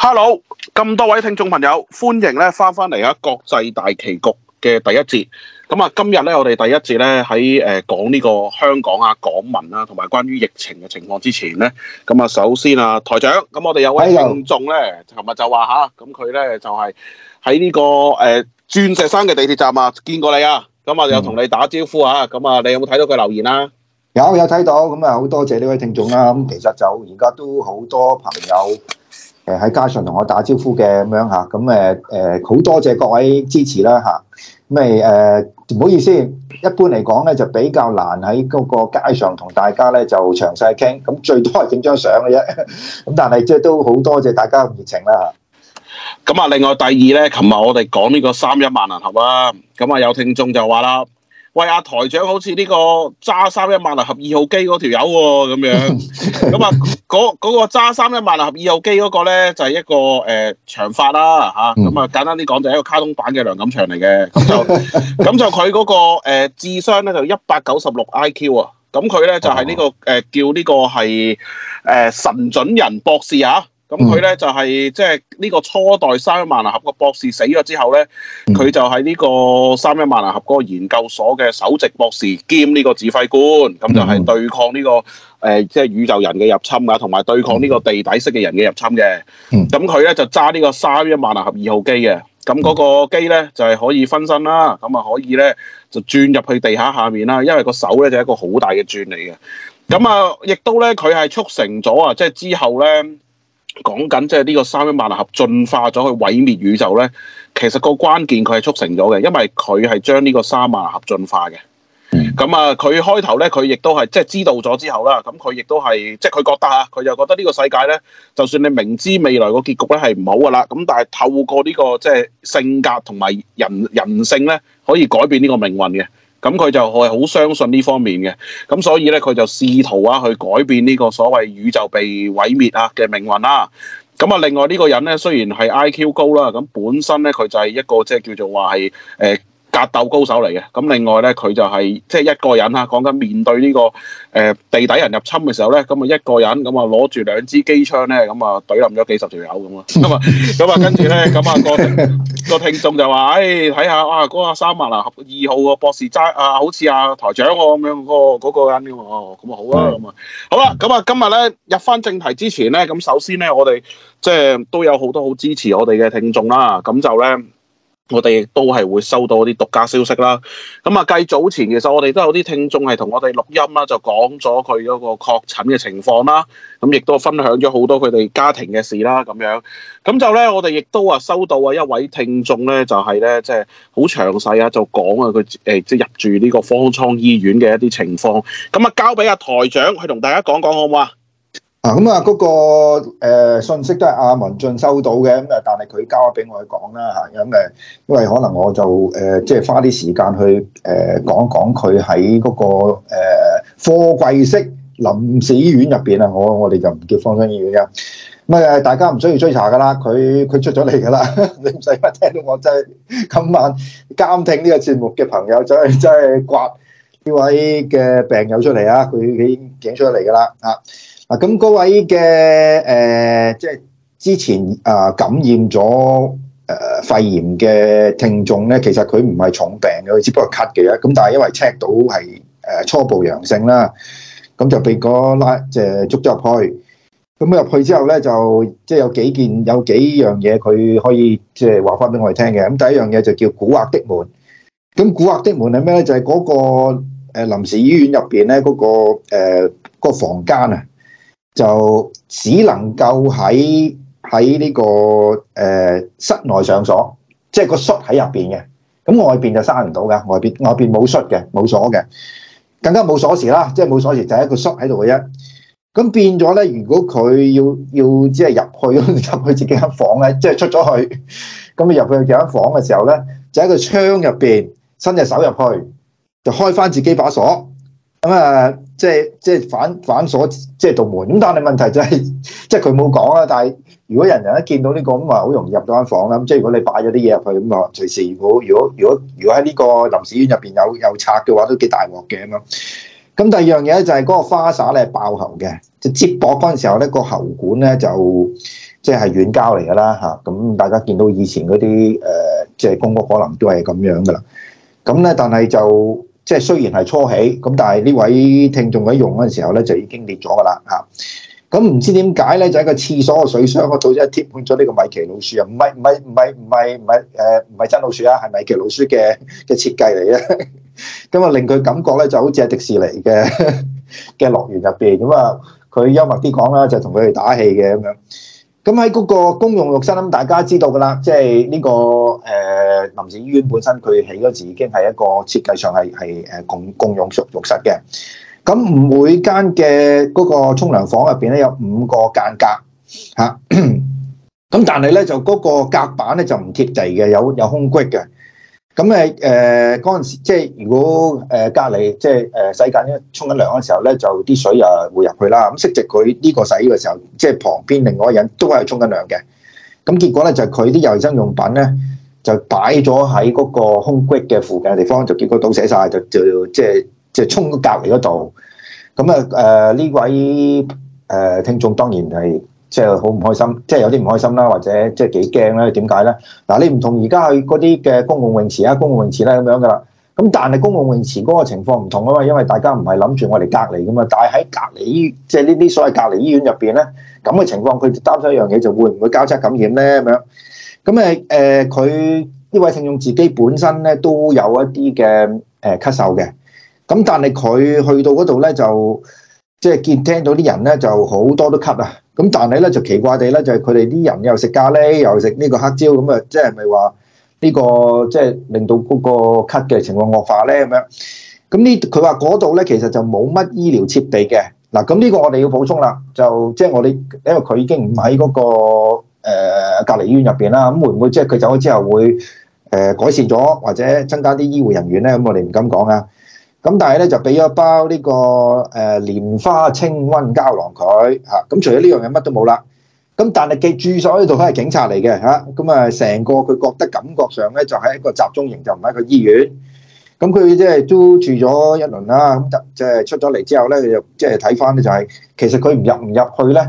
Hello，咁多位聽眾朋友，歡迎咧翻翻嚟啊！國際大棋局嘅第一節，咁啊，今日咧我哋第一節咧喺誒講呢個香港啊，港民啦，同埋關於疫情嘅情況之前咧，咁啊，首先啊，台長，咁我哋有位聽眾咧，琴日、哎、呦就話吓，咁佢咧就係喺呢個誒呃、鑽石山嘅地鐵站啊，見過你啊，咁啊、嗯、有同你打招呼啊。咁啊你有冇睇到佢留言啊？有有睇到，咁啊好多謝呢位聽眾啦，咁其實就而家都好多朋友。誒喺街上同我打招呼嘅咁樣嚇，咁誒誒好多謝各位支持啦吓，咁咪誒唔好意思，一般嚟講咧就比較難喺嗰個街上同大家咧就詳細傾，咁最多係整張相嘅啫，咁但係即係都好多謝大家嘅熱情啦。咁啊，另外第二咧，琴日我哋講呢個三一萬能俠啦，咁啊有聽眾就話啦。喂啊，台長好似呢個揸三一萬能俠二號機嗰條友喎咁樣，咁啊嗰個揸三一萬能俠二號機嗰個咧就係、是、一個誒、呃、長髮啦、啊、嚇，咁啊簡單啲講就係一個卡通版嘅梁錦祥嚟嘅，咁 就咁就佢嗰、那個、呃、智商咧就一百九十六 IQ 啊，咁佢咧就係、是、呢、這個誒、呃、叫呢個係誒、呃、神準人博士啊。咁佢咧就係即係呢個初代三一萬能俠個博士死咗之後咧，佢就喺呢個三一萬能俠嗰個研究所嘅首席博士兼呢個指揮官、嗯，咁就係對抗呢、這個誒、呃、即係宇宙人嘅入侵啊，同埋對抗呢個地底式嘅人嘅入侵嘅。咁佢咧就揸呢個三一萬能俠二號機嘅，咁、那、嗰個機咧就係、是、可以分身啦，咁啊可以咧就轉入去地下下面啦，因為個手咧就係一個好大嘅鑽嚟嘅。咁、嗯、啊，亦都咧佢係促成咗啊，即係之後咧。講緊即係呢個三一萬能俠進化咗去毀滅宇宙咧，其實個關鍵佢係促成咗嘅，因為佢係將呢個三萬能俠進化嘅。咁啊、嗯，佢、嗯、開頭咧，佢亦都係即係知道咗之後啦。咁佢亦都係即係佢覺得啊，佢又覺得呢個世界咧，就算你明知未來個結局咧係唔好噶啦，咁但係透過呢、這個即係性格同埋人人性咧，可以改變呢個命運嘅。咁佢就係好相信呢方面嘅，咁所以咧佢就試圖啊去改變呢個所謂宇宙被毀滅啊嘅命運啦。咁啊，另外呢個人咧雖然係 IQ 高啦，咁本身咧佢就係一個即係叫做話係誒、呃格鬥高手嚟嘅，咁另外咧，佢就係即係一個人吓，講緊面對呢、這個誒、呃、地底人入侵嘅時候咧，咁啊一個人，咁啊攞住兩支機槍咧，咁啊懟冧咗幾十條友咁咯，咁、那個 哎、啊，咁啊，跟住咧，咁啊個個聽眾就話，誒，睇下哇，嗰個三萬藍盒二號個博士揸啊，好似阿、啊、台長咁、啊、樣、那個嗰、那個人咁咁啊好啊，咁啊，好啦，咁啊今日咧入翻正題之前咧，咁首先咧，我哋即係都有好多好支持我哋嘅聽眾啦，咁就咧。我哋亦都係會收到啲獨家消息啦。咁啊，繼早前其實我哋都有啲聽眾係同我哋錄音、啊、講啦，就講咗佢嗰個確診嘅情況啦。咁亦都分享咗好多佢哋家庭嘅事啦。咁樣咁就咧，我哋亦都啊收到啊一位聽眾咧，就係咧即係好詳細啊，就講啊佢誒即係入住呢個方艙醫院嘅一啲情況。咁啊，交俾阿、啊、台長去同大家講講好唔好啊？啊，咁、那、啊、個，嗰個誒信息都係阿文進收到嘅，咁啊，但係佢交咗俾我去講啦吓，咁、啊、誒，因為可能我就誒，即、呃、係、就是、花啲時間去誒講講佢喺嗰個誒貨櫃式臨時院面醫院入邊啊，我我哋就唔叫方艙醫院啊，唔係大家唔需要追查噶啦，佢佢出咗嚟噶啦， 你唔使乜聽到我真係今晚監聽呢個節目嘅朋友，就係真係刮呢位嘅病友出嚟啊，佢已經驚出嚟噶啦啊！啊，咁嗰位嘅誒，即係之前啊感染咗誒肺炎嘅聽眾咧，其實佢唔係重病嘅，佢只不過咳嘅啫。咁但係因為 check 到係誒初步陽性啦，咁就被個拉即係捉咗入去。咁入去之後咧，就即係有幾件有幾樣嘢佢可以即係話翻俾我哋聽嘅。咁第一樣嘢就叫古惑的門。咁古惑的門係咩咧？就係嗰個誒臨時醫院入邊咧嗰個誒個房間啊！就只能夠喺喺呢個誒、呃、室內上鎖，即係個鎖喺入邊嘅，咁外邊就閂唔到嘅，外邊外邊冇鎖嘅，冇鎖嘅，更加冇鎖匙啦，即係冇鎖匙就係、是就是、一個鎖喺度嘅啫。咁變咗咧，如果佢要要即係入去入 去自己間房咧，即係出咗去，咁入去自己間房嘅時候咧，就喺個窗入邊伸隻手入去，就開翻自己把鎖，咁啊。即係即係反反鎖即係道門咁，但係問題就係、是、即係佢冇講啊。但係如果人人一見到呢、這個咁話，好容易入到間房啦。即係如果你擺咗啲嘢入去咁啊，隨時如果如果如果如果喺呢個臨時院入邊有有賊嘅話，都幾大鑊嘅咁樣。咁第二樣嘢咧就係嗰個花灑咧爆喉嘅，就接駁嗰陣時候咧、那個喉管咧就即係、就是、軟膠嚟噶啦嚇。咁大家見到以前嗰啲誒即係公屋可能都係咁樣噶啦。咁咧但係就。即係雖然係初起，咁但係呢位聽眾喺用嗰陣時候咧，就已經跌咗㗎啦嚇。咁唔知點解咧，就喺個廁所嘅水箱嗰度即貼滿咗呢個米奇老鼠啊！唔係唔係唔係唔係唔係誒唔係真老鼠啊，係米奇老鼠嘅嘅設計嚟嘅。咁啊，令佢感覺咧就好似係迪士尼嘅嘅 樂園入邊。咁啊，佢幽默啲講啦，就同佢哋打氣嘅咁樣。咁喺嗰個公用浴室，咁大家知道㗎啦，即係呢個誒。呃誒臨時醫院本身佢起嗰時已經係一個設計上係係誒共共用浴室嘅。咁每間嘅嗰個沖涼房入邊咧有五個間隔嚇，咁 但係咧就嗰個隔板咧就唔貼地嘅，有有空隙嘅。咁誒誒嗰陣時，即係如果誒隔籬，即係誒洗緊一沖緊涼嘅時候咧，就啲水啊會入去啦。咁適值佢呢個洗嘅時候，即係旁邊另外一個人都喺度沖緊涼嘅。咁結果咧就佢啲柔身用品咧。就擺咗喺嗰個空隙嘅附近嘅地方，就結果倒瀉晒，就就即係即係衝咗隔離嗰度。咁啊誒呢位誒、呃、聽眾當然係即係好唔開心，即、就、係、是、有啲唔開心啦，或者即係幾驚啦？點解咧？嗱，你唔同而家去嗰啲嘅公共泳池啊，公共泳池咧咁樣噶啦。咁但係公共泳池嗰個情況唔同啊嘛，因為大家唔係諗住我哋隔離噶嘛，但係喺隔離、就是、醫院面，即係呢啲所謂隔離醫院入邊咧，咁嘅情況佢擔心一樣嘢，就會唔會交叉感染咧？咁樣。咁誒誒，佢呢位聽眾自己本身咧都有一啲嘅誒咳嗽嘅，咁、呃、但係佢去到嗰度咧就即係見聽到啲人咧就好多都咳啊，咁但係咧就奇怪地咧就係佢哋啲人又食咖喱又食呢個黑椒咁啊、這個，即係咪話呢個即係令到嗰個咳嘅情況惡化咧咁樣？咁呢佢話嗰度咧其實就冇乜醫療設備嘅嗱，咁呢個我哋要補充啦，就即係我哋因為佢已經唔喺嗰個。隔離醫院入邊啦，咁會唔會即係佢走咗之後會誒改善咗，或者增加啲醫護人員咧？咁我哋唔敢講啊。咁但係咧就俾咗一包呢個誒蓮花清瘟膠囊佢嚇。咁、嗯、除咗呢樣嘢乜都冇啦。咁但係記住所呢度都係警察嚟嘅嚇。咁啊成個佢覺得感覺上咧就係一個集中營，就唔係一個醫院。咁佢即係租住咗一輪啦。咁即係出咗嚟之後咧，又即係睇翻咧就係、是、其實佢唔入唔入去咧。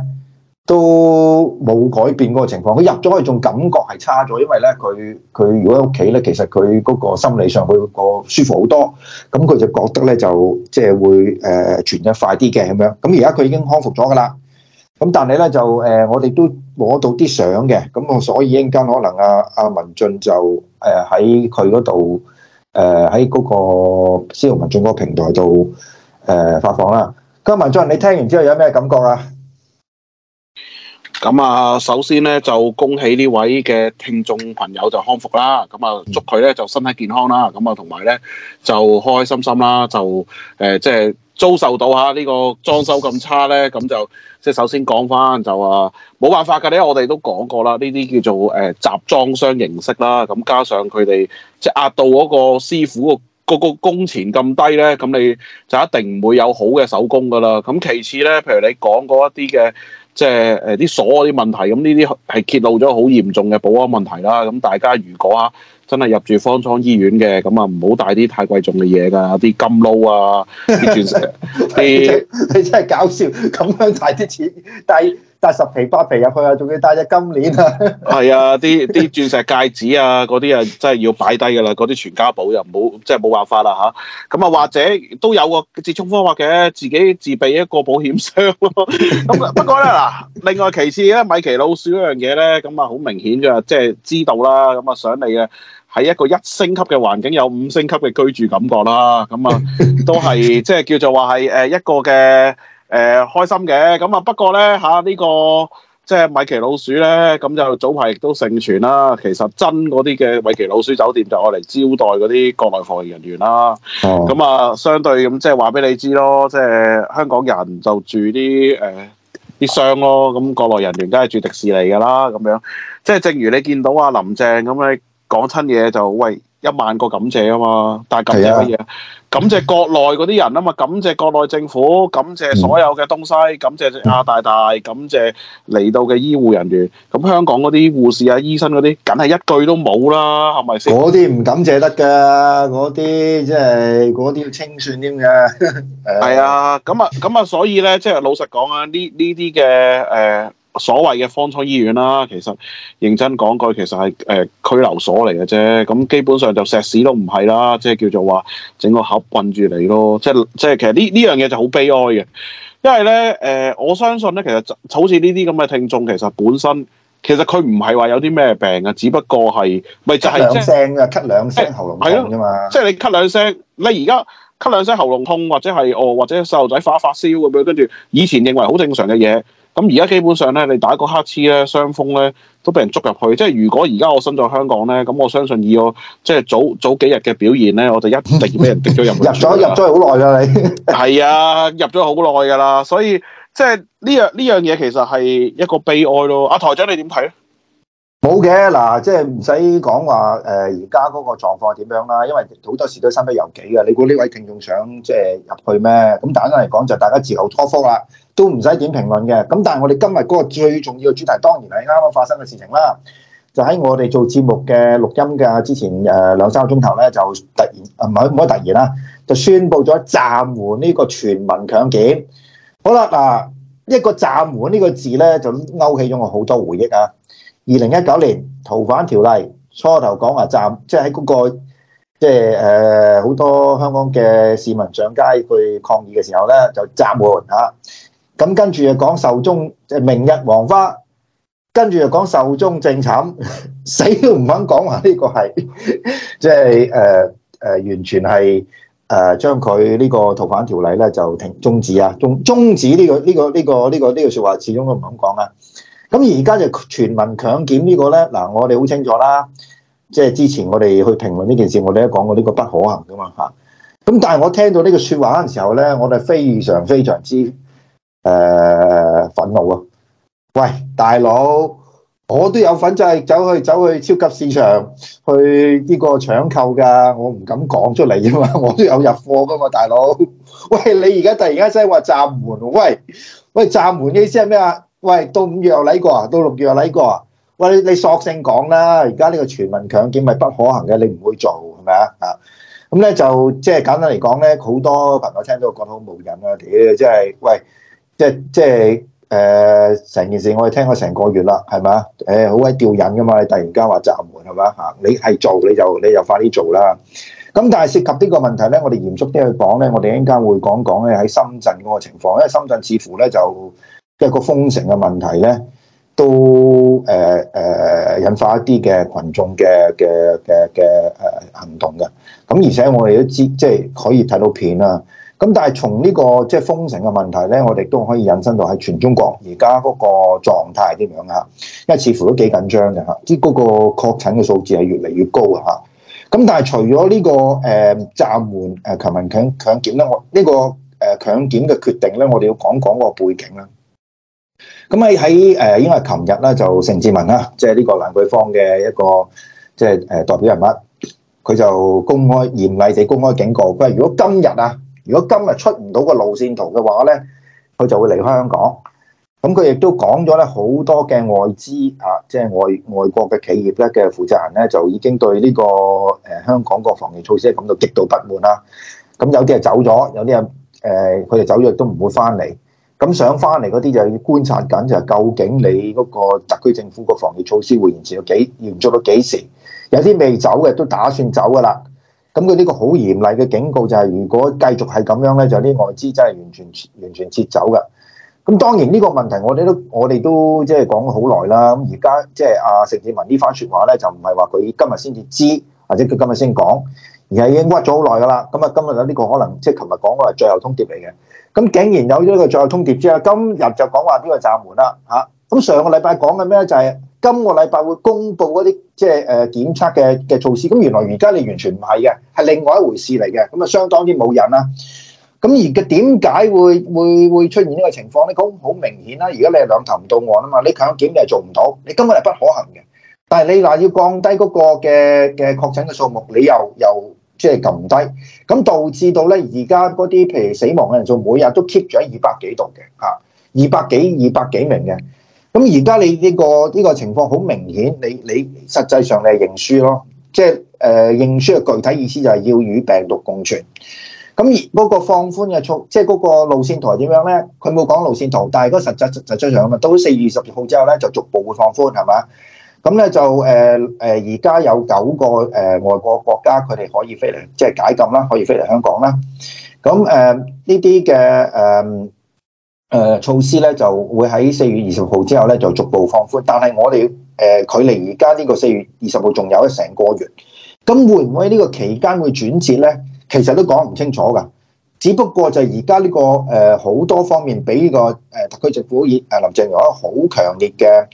都冇改變嗰個情況，佢入咗去仲感覺係差咗，因為咧佢佢如果喺屋企咧，其實佢嗰個心理上佢個舒服好多，咁佢就覺得咧就即係會誒傳得快啲嘅咁樣。咁而家佢已經康復咗噶啦。咁但係咧就誒、呃，我哋都攞到啲相嘅。咁、嗯、我所以一陣間可能阿、啊、阿文進就誒喺佢嗰度誒喺嗰個司徒文進嗰個平台度誒、呃、發放啦。咁文進你聽完之後有咩感覺啊？咁啊，首先咧就恭喜呢位嘅聽眾朋友就康復啦，咁啊祝佢咧就身體健康啦，咁啊同埋咧就開心心啦，就誒即係遭受到吓呢個裝修咁差咧，咁就即係首先講翻就話冇辦法噶，因為我哋都講過啦，呢啲叫做誒、呃、集裝商形式啦，咁加上佢哋即係壓到嗰個師傅個個工錢咁低咧，咁你就一定唔會有好嘅手工噶啦。咁其次咧，譬如你講過一啲嘅。即係誒啲鎖嗰啲問題，咁呢啲係揭露咗好嚴重嘅保安問題啦。咁、嗯、大家如果啊真係入住方艙醫院嘅，咁啊唔好帶啲太貴重嘅嘢㗎，啲金勞啊，啲鑽石，啲你真係搞笑，咁樣帶啲錢，但帶十皮八皮入去啊！仲要帶隻金鏈啊！係 啊，啲啲鑽石戒指啊，嗰啲啊真係要擺低噶啦，嗰啲全家寶又唔好，即係冇辦法啦嚇。咁啊，啊，或者都有個接觸方法嘅，自己自備一個保險箱咯。咁、啊、 不過咧嗱，另外其次咧，米奇老鼠嗰樣嘢咧，咁啊好明顯㗎，即係知道啦。咁啊想你啊，喺一個一星級嘅環境有五星級嘅居住感覺啦。咁啊，啊都係即係叫做話係誒一個嘅。誒、呃、開心嘅咁啊！不過咧嚇呢個即係米奇老鼠咧，咁就早排亦都盛傳啦。其實真嗰啲嘅米奇老鼠酒店就我嚟招待嗰啲國內防疫人員啦。咁啊、哦，相對咁即係話俾你知咯，即係香港人就住啲誒啲箱咯。咁、呃、國內人員梗係住迪士尼㗎啦。咁樣即係正如你見到啊，林鄭咁，你講親嘢就喂一萬個感謝啊嘛！但係感謝乜嘢？感謝國內嗰啲人啊嘛，感謝國內政府，感謝所有嘅東西，感謝阿大大，感謝嚟到嘅醫護人員。咁香港嗰啲護士啊、醫生嗰啲，梗係一句都冇啦，係咪先？嗰啲唔感謝得㗎，嗰啲即係嗰啲要清算添嘅。係 啊，咁啊，咁啊，所以咧，即係老實講啊，呢呢啲嘅誒。所謂嘅方艙醫院啦，其實認真講句，其實係誒、呃、拘留所嚟嘅啫。咁基本上就石屎都唔係啦，即係叫做話整個盒困住你咯。即即係其實呢呢樣嘢就好悲哀嘅，因為咧誒、呃，我相信咧其實好似呢啲咁嘅聽眾，其實本身其實佢唔係話有啲咩病嘅，只不過係咪就係即係兩聲啊，咳兩，兩，兩聲喉嚨痛啫嘛。即係你咳兩聲，你而家咳兩聲喉嚨痛，或者係哦，或者細路仔發發燒咁樣，跟住以前認為好正常嘅嘢。咁而家基本上咧，你打一個黑黐咧，雙峯咧，都俾人捉入去。即係如果而家我身在香港咧，咁我相信以我即係早早幾日嘅表現咧，我就一定俾人滴咗入去。 入咗入咗好耐啦，你係 啊，入咗好耐噶啦。所以即係呢樣呢樣嘢其實係一個悲哀咯。阿、啊、台長，你點睇咧？冇嘅嗱，即係唔使講話誒，而家嗰個狀況點樣啦？因為好多時都身不由己嘅。你估呢位聽眾想即係入去咩？咁簡單嚟講，就、是、就大家自求多福啦，都唔使點評論嘅。咁但係我哋今日嗰個最重要嘅主題，當然係啱啱發生嘅事情啦。就喺我哋做節目嘅錄音嘅之前誒，兩三個鐘頭咧，就突然唔係唔係突然啦，就宣布咗暫緩呢個全民強檢。好啦，嗱一個暫緩呢個字咧，就勾起咗我好多回憶啊！二零一九年逃犯條例初頭講話暫，即係喺嗰個即係誒好多香港嘅市民上街去抗議嘅時候咧，就暫緩嚇。咁跟住又講壽終，即係明日黃花。跟住又講壽終正寢， 死都唔肯講話呢個係即係誒誒完全係誒、呃、將佢呢個逃犯條例咧就停中止啊，中中止呢個呢個呢個呢個呢個説話始終都唔肯講啊。咁而家就全民強檢個呢個咧嗱，我哋好清楚啦。即係之前我哋去評論呢件事，我哋都講過呢個不可行噶嘛嚇。咁但係我聽到呢個説話嘅時候咧，我哋非常非常之誒、呃、憤怒啊！喂，大佬，我都有份就係走去走去超級市場去呢個搶購㗎，我唔敢講出嚟啫嘛，我都有入貨噶嘛，大佬。喂，你而家突然間即係話閘門，喂喂閘門嘅意思係咩啊？喂，到五月又嚟過啊，到六月又嚟過啊！喂，你索性講啦，而家呢個全民強檢係不可行嘅，你唔會做係咪啊？啊，咁咧就即係簡單嚟講咧，好多朋友聽到覺得好無癮啊！屌，即係喂，即即係誒成件事，我哋聽咗成個月啦，係咪啊？誒，好鬼吊癮噶嘛！你突然間話暫緩係咪啊？嚇，你係做你就你就快啲做啦。咁但係涉及呢個問題咧，我哋嚴肅啲去講咧，我哋一陣間會講講咧喺深圳嗰個情況，因為深圳似乎咧就。一個封城嘅問題咧，都誒誒、呃呃、引發一啲嘅群眾嘅嘅嘅嘅誒行動嘅。咁而且我哋都知，即係可以睇到片啦。咁但係從呢、這個即係封城嘅問題咧，我哋都可以引申到喺全中國而家嗰個狀態點樣啊？因為似乎都幾緊張嘅嚇，即嗰個確診嘅數字係越嚟越高嚇。咁但係除咗呢、這個誒暫緩誒強行強強檢咧、這個呃，我呢個誒強檢嘅決定咧，我哋要講講個背景啦。咁喺喺誒，因為琴日咧就盛智文啦、啊，即係呢個蘭桂坊嘅一個即係誒代表人物，佢就公開嚴厲地公開警告，佢話如果今日啊，如果今日出唔到個路線圖嘅話咧，佢就會離開香港。咁佢亦都講咗咧，好多嘅外資啊，即、就、係、是、外外國嘅企業咧嘅負責人咧，就已經對呢、這個誒、呃、香港個防疫措施感到極度不滿啦、啊。咁有啲啊走咗，有啲人誒，佢、呃、哋走咗亦都唔會返嚟。咁上翻嚟嗰啲就要觀察緊，就係究竟你嗰個特區政府個防疫措施會延遲到幾延續到幾時？有啲未走嘅都打算走噶啦。咁佢呢個好嚴厲嘅警告就係，如果繼續係咁樣咧，就啲外資真係完全完全撤走噶。咁當然呢個問題我哋都我哋都即係講好耐啦。咁而家即係阿盛智文呢番説話咧，就唔係話佢今日先至知，或者佢今日先講，而係已經屈咗好耐噶啦。咁啊，今日呢個可能即係琴日講嘅係最後通牒嚟嘅。咁竟然有呢個最後通牒之後，今日就講話呢個閘門啦嚇。咁、啊、上個禮拜講緊咩？就係、是、今個禮拜會公布嗰啲即係誒檢測嘅嘅措施。咁原來而家你完全唔係嘅，係另外一回事嚟嘅。咁啊相當之冇癮啦。咁而家點解會會會,會出現呢個情況咧？好好明顯啦、啊！而家你兩頭唔到岸啊嘛！你強檢你又做唔到，你根本係不可行嘅。但係你嗱要降低嗰個嘅嘅確診嘅數目，你又又。又即係撳低，咁導致到咧而家嗰啲譬如死亡嘅人數每日都 keep 咗二百幾度嘅，嚇二百幾二百幾名嘅。咁而家你呢個呢個情況好明顯，你你實際上你係認輸咯。即係誒認輸嘅具體意思就係要與病毒共存。咁而嗰個放寬嘅速，即係嗰個路線圖點樣咧？佢冇講路線圖，但係嗰個實際實際上啊嘛，到咗四月十二號之後咧，就逐步會放寬係嘛？咁咧就誒誒，而、呃、家有九個誒、呃、外國國家，佢哋可以飛嚟，即係解禁啦，可以飛嚟香港啦。咁誒呢啲嘅誒誒措施咧，就會喺四月二十號之後咧，就逐步放寬。但係我哋誒、呃、距離而家呢個四月二十號仲有一成個月，咁會唔會呢個期間會轉折咧？其實都講唔清楚㗎。只不過就而家呢個誒好、呃、多方面俾呢、這個誒、呃、特區政府以誒林鄭月娥好強烈嘅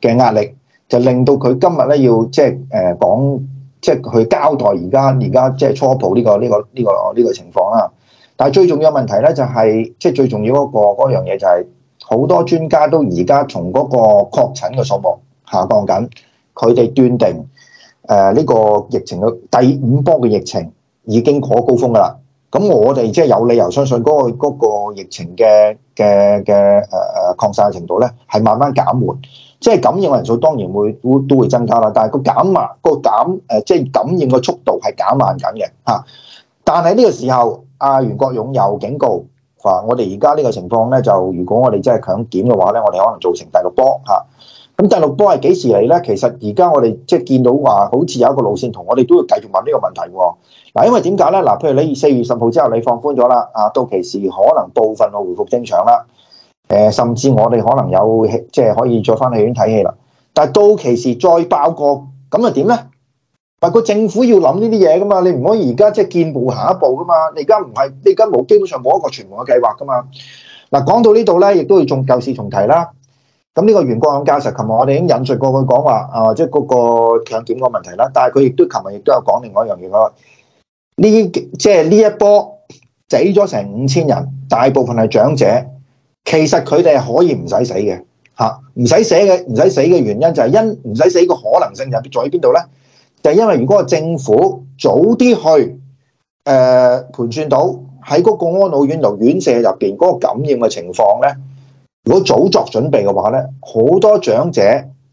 嘅壓力。就令到佢今日咧要即係誒講，即係去交代而家而家即係初步呢個呢個呢個呢個情況啦。但係最重要問題咧就係即係最重要嗰個嗰樣嘢就係好多專家都而家從嗰個確診嘅數目下降緊，佢哋斷定誒呢個疫情嘅第五波嘅疫情已經過高峰噶啦。咁我哋即係有理由相信嗰個嗰個疫情嘅嘅嘅誒誒擴散程度咧係慢慢減緩。即係感染嘅人數當然會會都會增加啦，但係個減慢、個減誒、呃，即係感染嘅速度係減慢緊嘅嚇。但係呢個時候，阿、啊、袁國勇又警告話、啊：我哋而家呢個情況咧，就如果我哋真係強檢嘅話咧，我哋可能造成第六波嚇。咁、啊啊、第六波係幾時嚟咧？其實而家我哋即係見到話，好似有一個路線，同我哋都要繼續問呢個問題喎。嗱、啊，因為點解咧？嗱、啊，譬如你四月十號之後你放寬咗啦，啊，到期時可能部分嘅回復正常啦。誒，甚至我哋可能有即係可以再翻戲院睇戲啦，但係到期時再爆個咁啊點呢？嗱，個政府要諗呢啲嘢噶嘛，你唔可以而家即係見步行一步噶嘛，你而家唔係你而家冇基本上冇一個全民嘅計劃噶嘛。嗱、啊，講到呢度咧，亦都要仲舊事重提啦。咁呢個袁國勇教授，琴日我哋已經引述過佢講話，啊、呃，即係嗰個強檢個問題啦。但係佢亦都琴日亦都有講另外一樣嘢，我呢即係呢一波死咗成五千人，大部分係長者。其實佢哋係可以唔使死嘅吓，唔使死嘅唔使死嘅原因就係因唔使死個可能性就在喺邊度咧，就係因為如果個政府早啲去誒盤、呃、算到喺嗰個安老院同院舍入邊嗰個感染嘅情況咧，如果早作準備嘅話咧，好多長者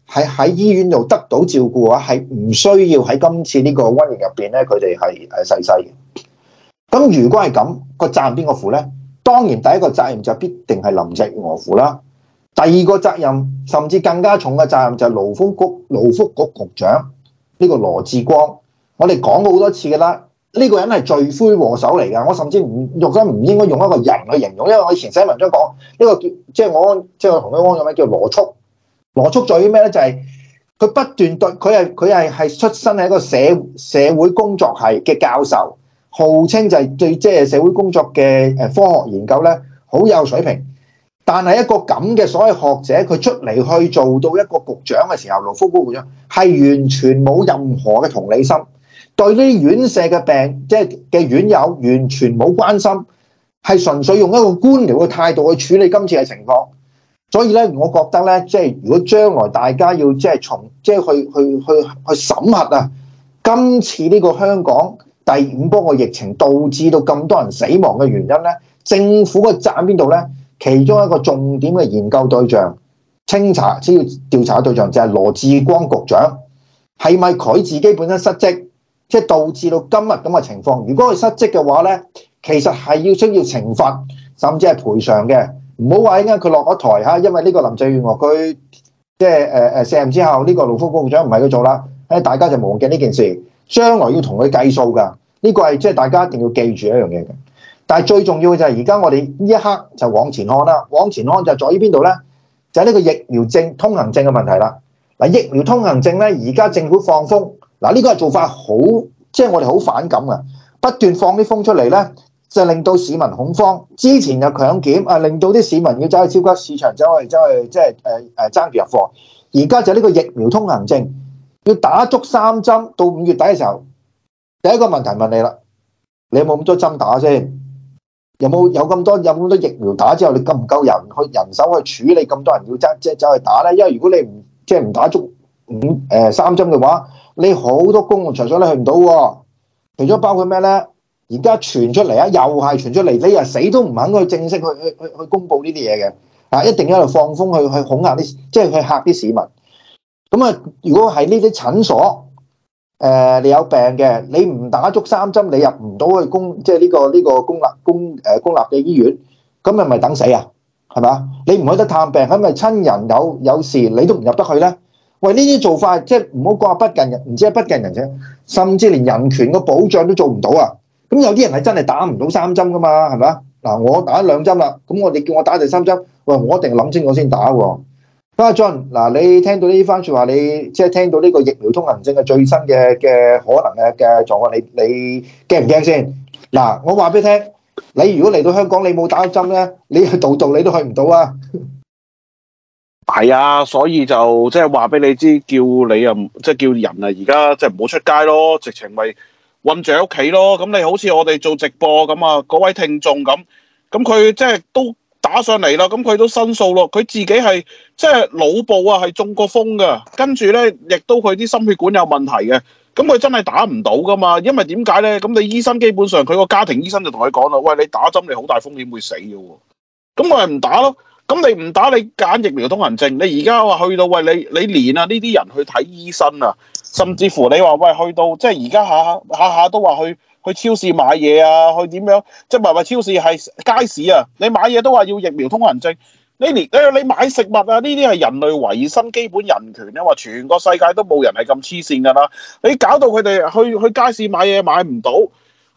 係喺醫院度得到照顧嘅話，係唔需要喺今次呢個瘟疫入邊咧，佢哋係誒逝世嘅。咁如果係咁，個站邊個負咧？當然，第一個責任就必定係林鄭月娥扶啦。第二個責任，甚至更加重嘅責任就係勞福局勞福局局長呢、這個羅志光。我哋講過好多次㗎啦，呢、這個人係罪魁禍首嚟㗎。我甚至唔，用心唔應該用一個人去形容，因為我以前寫文章講呢、這個，即係我即係我同佢安個名叫羅速。羅速在於咩咧？就係、是、佢不斷對佢係佢係係出身喺一個社社會工作系嘅教授。號稱就係對即係社會工作嘅誒科學研究咧，好有水平。但係一個咁嘅所謂學者，佢出嚟去做到一個局長嘅時候，勞福局局長係完全冇任何嘅同理心，對呢啲院舍嘅病即係嘅院友完全冇關心，係純粹用一個官僚嘅態度去處理今次嘅情況。所以咧，我覺得咧，即係如果將來大家要即係從即係去去去去審核啊，今次呢個香港。第五波個疫情導致到咁多人死亡嘅原因咧，政府嘅責任邊度咧？其中一個重點嘅研究對象、清查、需要調查嘅對象就係、是、羅致光局長，係咪佢自己本身失職，即係導致到今日咁嘅情況？如果佢失職嘅話咧，其實係要需要懲罰，甚至係賠償嘅。唔好話一陣間佢落咗台嚇，因為呢個林鄭月娥佢即係誒誒卸任之後，呢、這個勞福局長唔係佢做啦，誒大家就忘記呢件事。將來要同佢計數噶，呢、這個係即係大家一定要記住一樣嘢嘅。但係最重要嘅就係而家我哋呢一刻就往前看啦，往前看就係在於邊度咧？就係、是、呢個疫苗證、通行證嘅問題啦。嗱，疫苗通行證咧，而家政府放風，嗱、這、呢個係做法好，即、就、係、是、我哋好反感嘅，不斷放啲風出嚟咧，就令到市民恐慌。之前就強檢啊，令到啲市民要走去超級市場走去走去即係誒誒爭住入貨。而家就呢個疫苗通行證。要打足三針，到五月底嘅時候，第一個問題問你啦，你有冇咁多針打先？有冇有咁多有咁多疫苗打之後，你夠唔夠人去人手去處理咁多人要即係走去打咧？因為如果你唔即係唔打足五誒三針嘅話，你好多公共場所都去唔到，除咗包括咩咧？而家傳出嚟啊，又係傳出嚟，你又死都唔肯去正式去去去去公布呢啲嘢嘅啊！一定要喺度放風去去恐吓啲，即係去吓啲市民。咁啊，如果係呢啲診所，誒、呃，你有病嘅，你唔打足三針，你入唔到去公，即係、這、呢個呢、這個公立公誒公立嘅醫院，咁係咪等死啊？係嘛？你唔去得探病，係咪親人有有事，你都唔入得去咧？喂，呢啲做法即係唔好講話不近人，唔知係不近人啫，甚至連人權嘅保障都做唔到啊！咁有啲人係真係打唔到三針噶嘛，係咪啊？嗱，我打咗兩針啦，咁我哋叫我打第三針，喂，我一定諗清楚先打喎、啊。j u s n 嗱，你聽到呢番話，你即係聽到呢個疫苗通行證嘅最新嘅嘅可能嘅嘅狀況，你你驚唔驚先？嗱，我話俾你聽，你如果嚟到香港，你冇打針咧，你去度度你都去唔到啊！係啊，所以就即係話俾你知，叫你啊，即、就、係、是、叫人啊，而家即係唔好出街咯，直情咪韞住喺屋企咯。咁你好似我哋做直播咁啊，嗰位聽眾咁，咁佢即係都打上嚟啦，咁佢都申訴咯。佢自己係即係腦部啊，係中過風㗎，跟住咧亦都佢啲心血管有問題嘅。咁佢真係打唔到㗎嘛？因為點解咧？咁你醫生基本上佢個家庭醫生就同佢講啦：「喂，你打針你好大風險會死嘅喎。咁我係唔打咯。咁你唔打你揀疫苗通行證。你而家話去到喂，你你連啊呢啲人去睇醫生啊，甚至乎你話喂，去到即係而家下下下下都話去。去超市買嘢啊，去點樣？即係唔係話超市係街市啊？你買嘢都話要疫苗通行證，你連誒你買食物啊？呢啲係人類維生基本人權啊！話全個世界都冇人係咁黐線㗎啦！你搞到佢哋去去街市買嘢買唔到，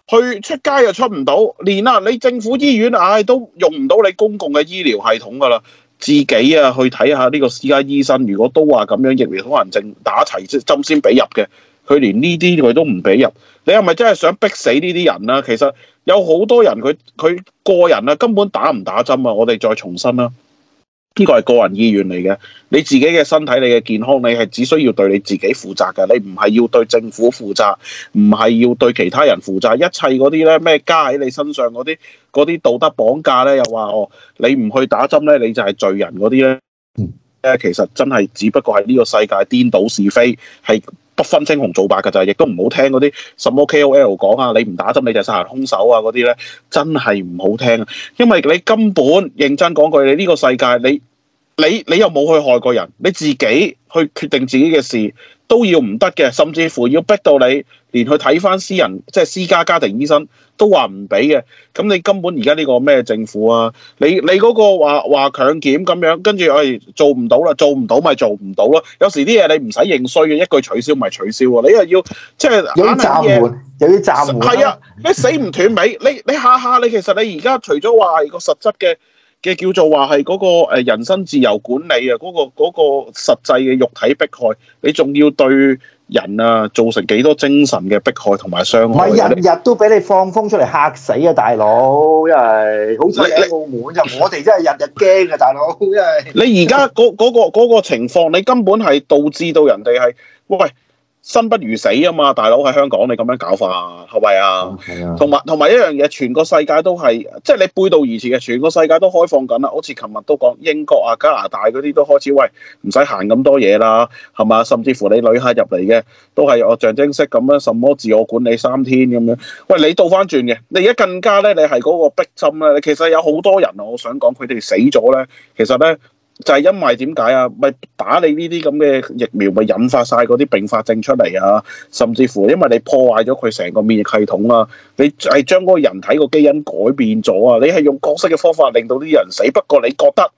去出街又出唔到，連啊你政府醫院唉、啊、都用唔到你公共嘅醫療系統㗎啦！自己啊去睇下呢個私家醫生，如果都話咁樣疫苗通行證打齊針先俾入嘅。佢連呢啲佢都唔俾入，你係咪真係想逼死呢啲人咧、啊？其實有好多人佢佢個人咧、啊、根本打唔打針啊！我哋再重申啦，呢個係個人意願嚟嘅，你自己嘅身體、你嘅健康，你係只需要對你自己負責嘅，你唔係要對政府負責，唔係要對其他人負責。一切嗰啲咧，咩加喺你身上嗰啲嗰啲道德綁架咧，又話哦，你唔去打針咧，你就係罪人嗰啲咧，咧其實真係只不過係呢個世界顛倒是非係。不分青紅皂白嘅就係，亦都唔好聽嗰啲什麼 KOL 講啊，你唔打針你就殺人兇手啊嗰啲咧，真係唔好聽啊。因為你根本認真講句，你呢個世界你。你你又冇去害過人，你自己去決定自己嘅事都要唔得嘅，甚至乎要逼到你，連去睇翻私人即係私家家庭醫生都話唔俾嘅。咁你根本而家呢個咩政府啊？你你嗰個話話強檢咁樣，跟住誒做唔到啦，做唔到咪做唔到咯。有時啲嘢你唔使認衰嘅，一句取消咪取消啊！你又要即係、即係、有啲暫緩，係啊！你死唔斷尾，你你下下你，你，你，你其實你而家除咗話個實質嘅。嘅叫做話係嗰個誒人身自由管理啊，嗰個嗰個實際嘅肉體迫害，你仲要對人啊造成幾多精神嘅迫害同埋傷害？唔係日是你日都俾你放風出嚟嚇死啊，大佬！因為好似喺澳門就 我哋真係日日驚啊，大佬！因為你而家嗰嗰個嗰個情況，你根本係導致到人哋係喂。生不如死啊嘛，大佬。喺香港你咁樣搞法，係咪啊？同埋同埋一樣嘢，全個世界都係，即係你背道而馳嘅，全個世界都開放緊啦。好似琴日都講英國啊、加拿大嗰啲都開始喂，唔使行咁多嘢啦，係嘛？甚至乎你旅客入嚟嘅都係我象徵式咁樣，什麼自我管理三天咁樣。喂，你倒翻轉嘅，你而家更加咧，你係嗰個迫針咧。你其實有好多人，啊，我想講佢哋死咗咧，其實咧。就係因為點解啊？咪打你呢啲咁嘅疫苗，咪引發晒嗰啲併發症出嚟啊！甚至乎因為你破壞咗佢成個免疫系統啊！你係將嗰個人體個基因改變咗啊！你係用角色嘅方法令到啲人死。不過你覺得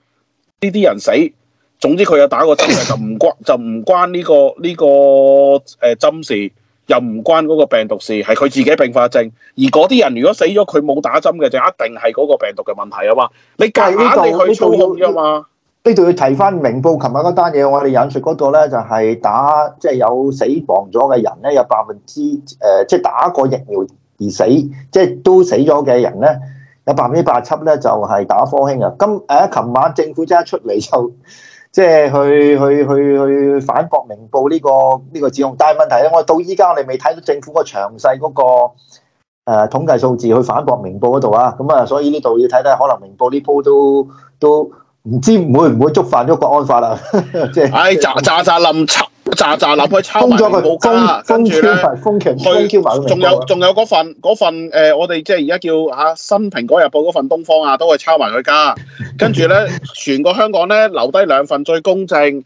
呢啲人死，總之佢有打過針嘅就唔關就唔關呢個呢、呢個誒、呃、針事，又唔關嗰個病毒事，係佢自己併發症。而嗰啲人如果死咗，佢冇打針嘅就一定係嗰個病毒嘅問題啊嘛！你硬你去操控啫嘛～呢度要提翻明報琴日嗰單嘢，我哋引述嗰個咧就係打，即係有死亡咗嘅人咧，有百分之誒，即係打過疫苗而死，即係都死咗嘅人咧，有百分之八七咧就係打科興啊。今誒琴晚政府即刻出嚟就，即係去去去去去反駁明報呢個呢個指控，但係問題咧，我到依家我哋未睇到政府個詳細嗰個誒統計數字去反駁明報嗰度啊。咁啊，所以呢度要睇睇，可能明報呢鋪都都。都都唔知唔會唔會觸犯咗國安法啦？即係，哎，咋，炸炸林抄，炸炸林去抄咗佢封封圈埋封強仲有仲有嗰份份誒、呃，我哋即係而家叫啊新蘋果日報嗰份東方啊，都去抄埋佢加，跟住咧，全個香港咧留低兩份最公正、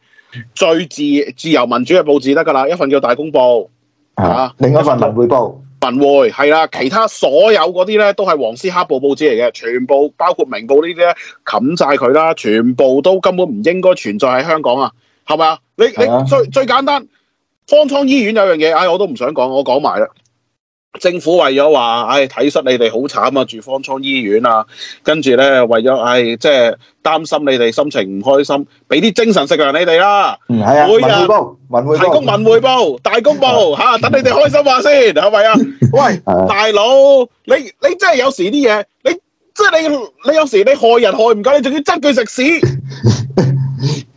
最自自由民主嘅報紙得噶啦，一份叫大公報，啊，啊另一份文匯報。文匯係啦，其他所有嗰啲咧都係黃絲黑暴報紙嚟嘅，全部包括明報呢啲咧，冚晒佢啦，全部都根本唔應該存在喺香港啊，係咪啊？你你係嘅最最簡單，方艙醫院有樣嘢，唉，我都唔想講，我講埋啦。政府為咗話、哎，唉，睇恤你哋好慘啊，住方艙醫院啊，跟住咧為咗、哎，唉，即係擔心你哋心情唔開心，俾啲精神食糧你哋啦。嗯天，係啊。文匯報，文匯報，提供文匯報，大公報，吓、 啊，等你哋開心下先，係咪啊？ 喂， 大佬，你你真係有時啲嘢，你即係你你有時你害人害唔夠，你仲要爭佢食屎？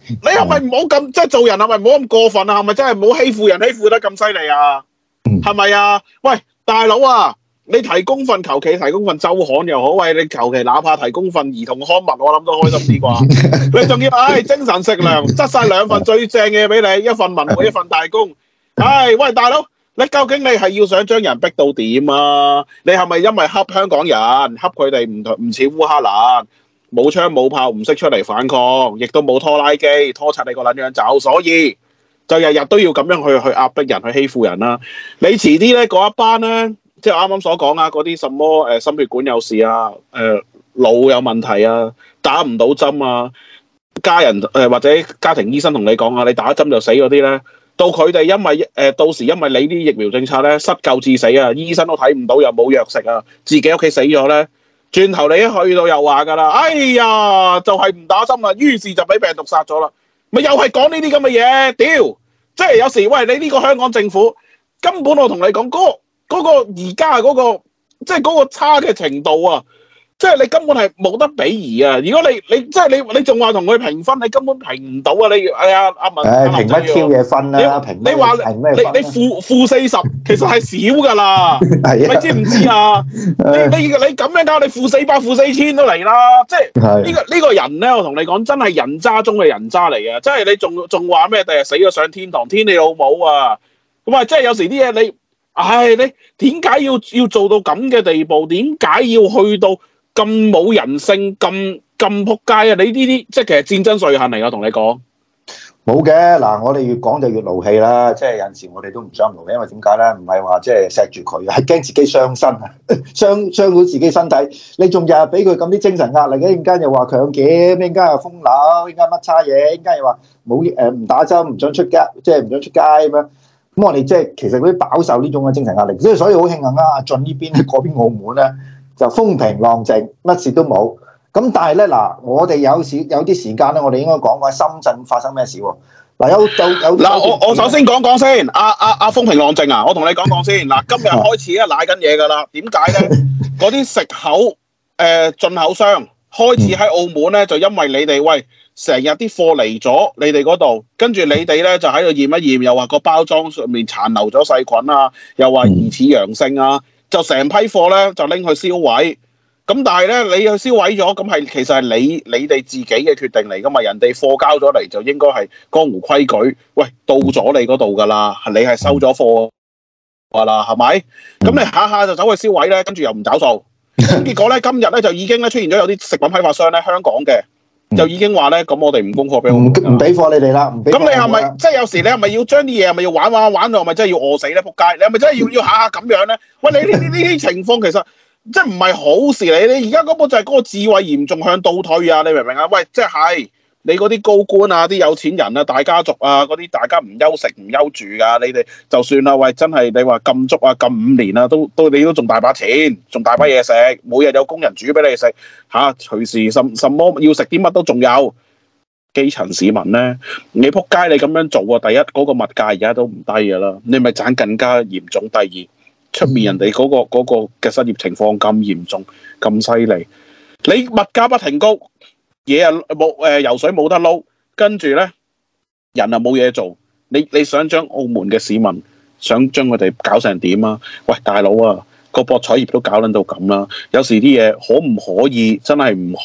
你係咪唔好咁即係做人啊？係咪唔好咁過分啊？係咪真係唔好欺負人，欺負得咁犀利啊？係咪啊？喂 寺 paragraph！大佬啊，你提供份求其提供份周刊又好，喂，你求其哪怕提供份兒童刊物，我諗都開心啲啩。 你仲要唉、哎、精神食糧，執晒兩份最正嘅俾你，一份文匯，一份大公。唉、哎，喂，大佬，你究竟你係要想將人逼到點啊？你係咪因為恰香港人，恰佢哋唔唔似烏克蘭，冇槍冇炮，唔識出嚟反抗，亦都冇拖拉機拖拆你個撚樣走，所以？就日日都要咁樣去去壓迫人，去欺負人啦、啊。你遲啲呢嗰一班呢，即係啱啱所講啊，嗰啲什麼誒、呃、心血管有事啊，誒、呃、腦有問題啊，打唔到針啊，家人誒、呃、或者家庭醫生同你講啊，你打針就死嗰啲呢。到佢哋因為誒、呃、到時因為你啲疫苗政策呢，失救致死啊，醫生都睇唔到又冇藥食啊，自己屋企死咗呢，轉頭你一去到又話噶啦，哎呀就係、是、唔打針啊，於是就俾病毒殺咗啦。咪又係講呢啲咁嘅嘢，屌！即係有時喂，你呢個香港政府根本我同你講嗰嗰個而家嗰個，即係嗰個差嘅程度啊！即係你根本係冇得比擬啊！如果你你即係你你仲話同佢評分，你根本評唔到啊！你哎呀阿文，誒評乜超嘢分啦？你話你你負負四十，其實係少噶啦， 你知唔知啊？ 你你咁樣搞，你負四百、負四千都嚟啦！即係呢、呢個呢 個人咧，我同你講真係人渣中嘅人渣嚟啊！即係你仲仲話咩？第日死咗上天堂，天你老母啊！咁啊，即係有時啲嘢你，唉，你點解要要做到咁嘅地步？點解要去到？咁冇人性，咁咁仆街啊！你呢啲即係其實戰爭稅係咪啊？同你講冇嘅嗱，我哋越講就越勞氣啦。即係有陣時我哋都唔想勞氣，因為點解咧？唔係話即係錫住佢，係驚自己傷身啊，傷傷到自己身體。你仲日俾佢咁啲精神壓力，一陣間又話強檢，一陣間又封樓，一陣間乜叉嘢，一陣間又話冇誒唔打針，唔想出街，即係唔想出街咁樣。咁我哋即係其實嗰啲飽受呢種嘅精神壓力，即係所以好慶幸啊！阿進呢邊喺嗰邊澳門咧。就風平浪靜，乜事都冇。咁但係咧，嗱，我哋有時有啲時間咧，我哋應該講講深圳發生咩事喎，啊？嗱，有嗱，我我首先講講先，啊，阿、啊、阿、啊、風平浪靜啊！我同你講講先。嗱，今日開始咧，賴緊嘢㗎啦。點解咧？嗰啲食口誒、呃、進口商開始喺澳門咧，就因為你哋喂，成日啲貨嚟咗你哋嗰度，跟住你哋咧就喺度驗一驗，又話個包裝上面殘留咗細菌啊，又話疑似陽性啊。就成批貨咧，就拎去銷毀。咁但係咧，你去銷毀咗，咁係其實係你你哋自己嘅決定嚟噶嘛？人哋貨交咗嚟就應該係江湖規矩。喂，到咗你嗰度噶啦，你係收咗貨話啦，係咪？咁你下下就走去銷毀咧，跟住又唔找數。咁結果咧，今日咧就已經咧出現咗有啲食品批發商咧，香港嘅。就已經話咧，咁我哋唔供貨俾我，唔唔俾貨你哋啦。咁你係咪即係有時你係咪要將啲嘢係咪要玩玩玩到，係咪真係要餓死咧？仆街，你係咪真係要要下下咁樣咧？ 喂，你呢呢呢啲情況其實即係唔係好事嚟。你而家根本就係嗰個智慧嚴重向倒退啊！你明唔明啊？喂，即係。你嗰啲高官啊，啲有錢人啊，大家族啊，嗰啲大家唔休食唔休住啊，你哋就算啦。喂，真係你話禁足啊，禁五年啊，啊，都都你都仲大把錢，仲大把嘢食，每日有工人煮俾你食吓、啊，隨時什什麼，什麼，什麼要食啲乜都仲有。基層市民呢，你仆街，你咁樣做啊！第一嗰、那個物價而家都唔低噶啦，你咪賺更加嚴重。第二出面人哋嗰、那個嗰、那個嘅失、那個、業情況咁嚴重咁犀利，你物價不停高，嘢啊，冇誒、呃、游水冇得撈，跟住咧人啊冇嘢做，你你想將澳門嘅市民想將佢哋搞成點啊？喂，大佬啊，個博彩業都搞撚到咁啦、啊，有時啲嘢可唔可以真係唔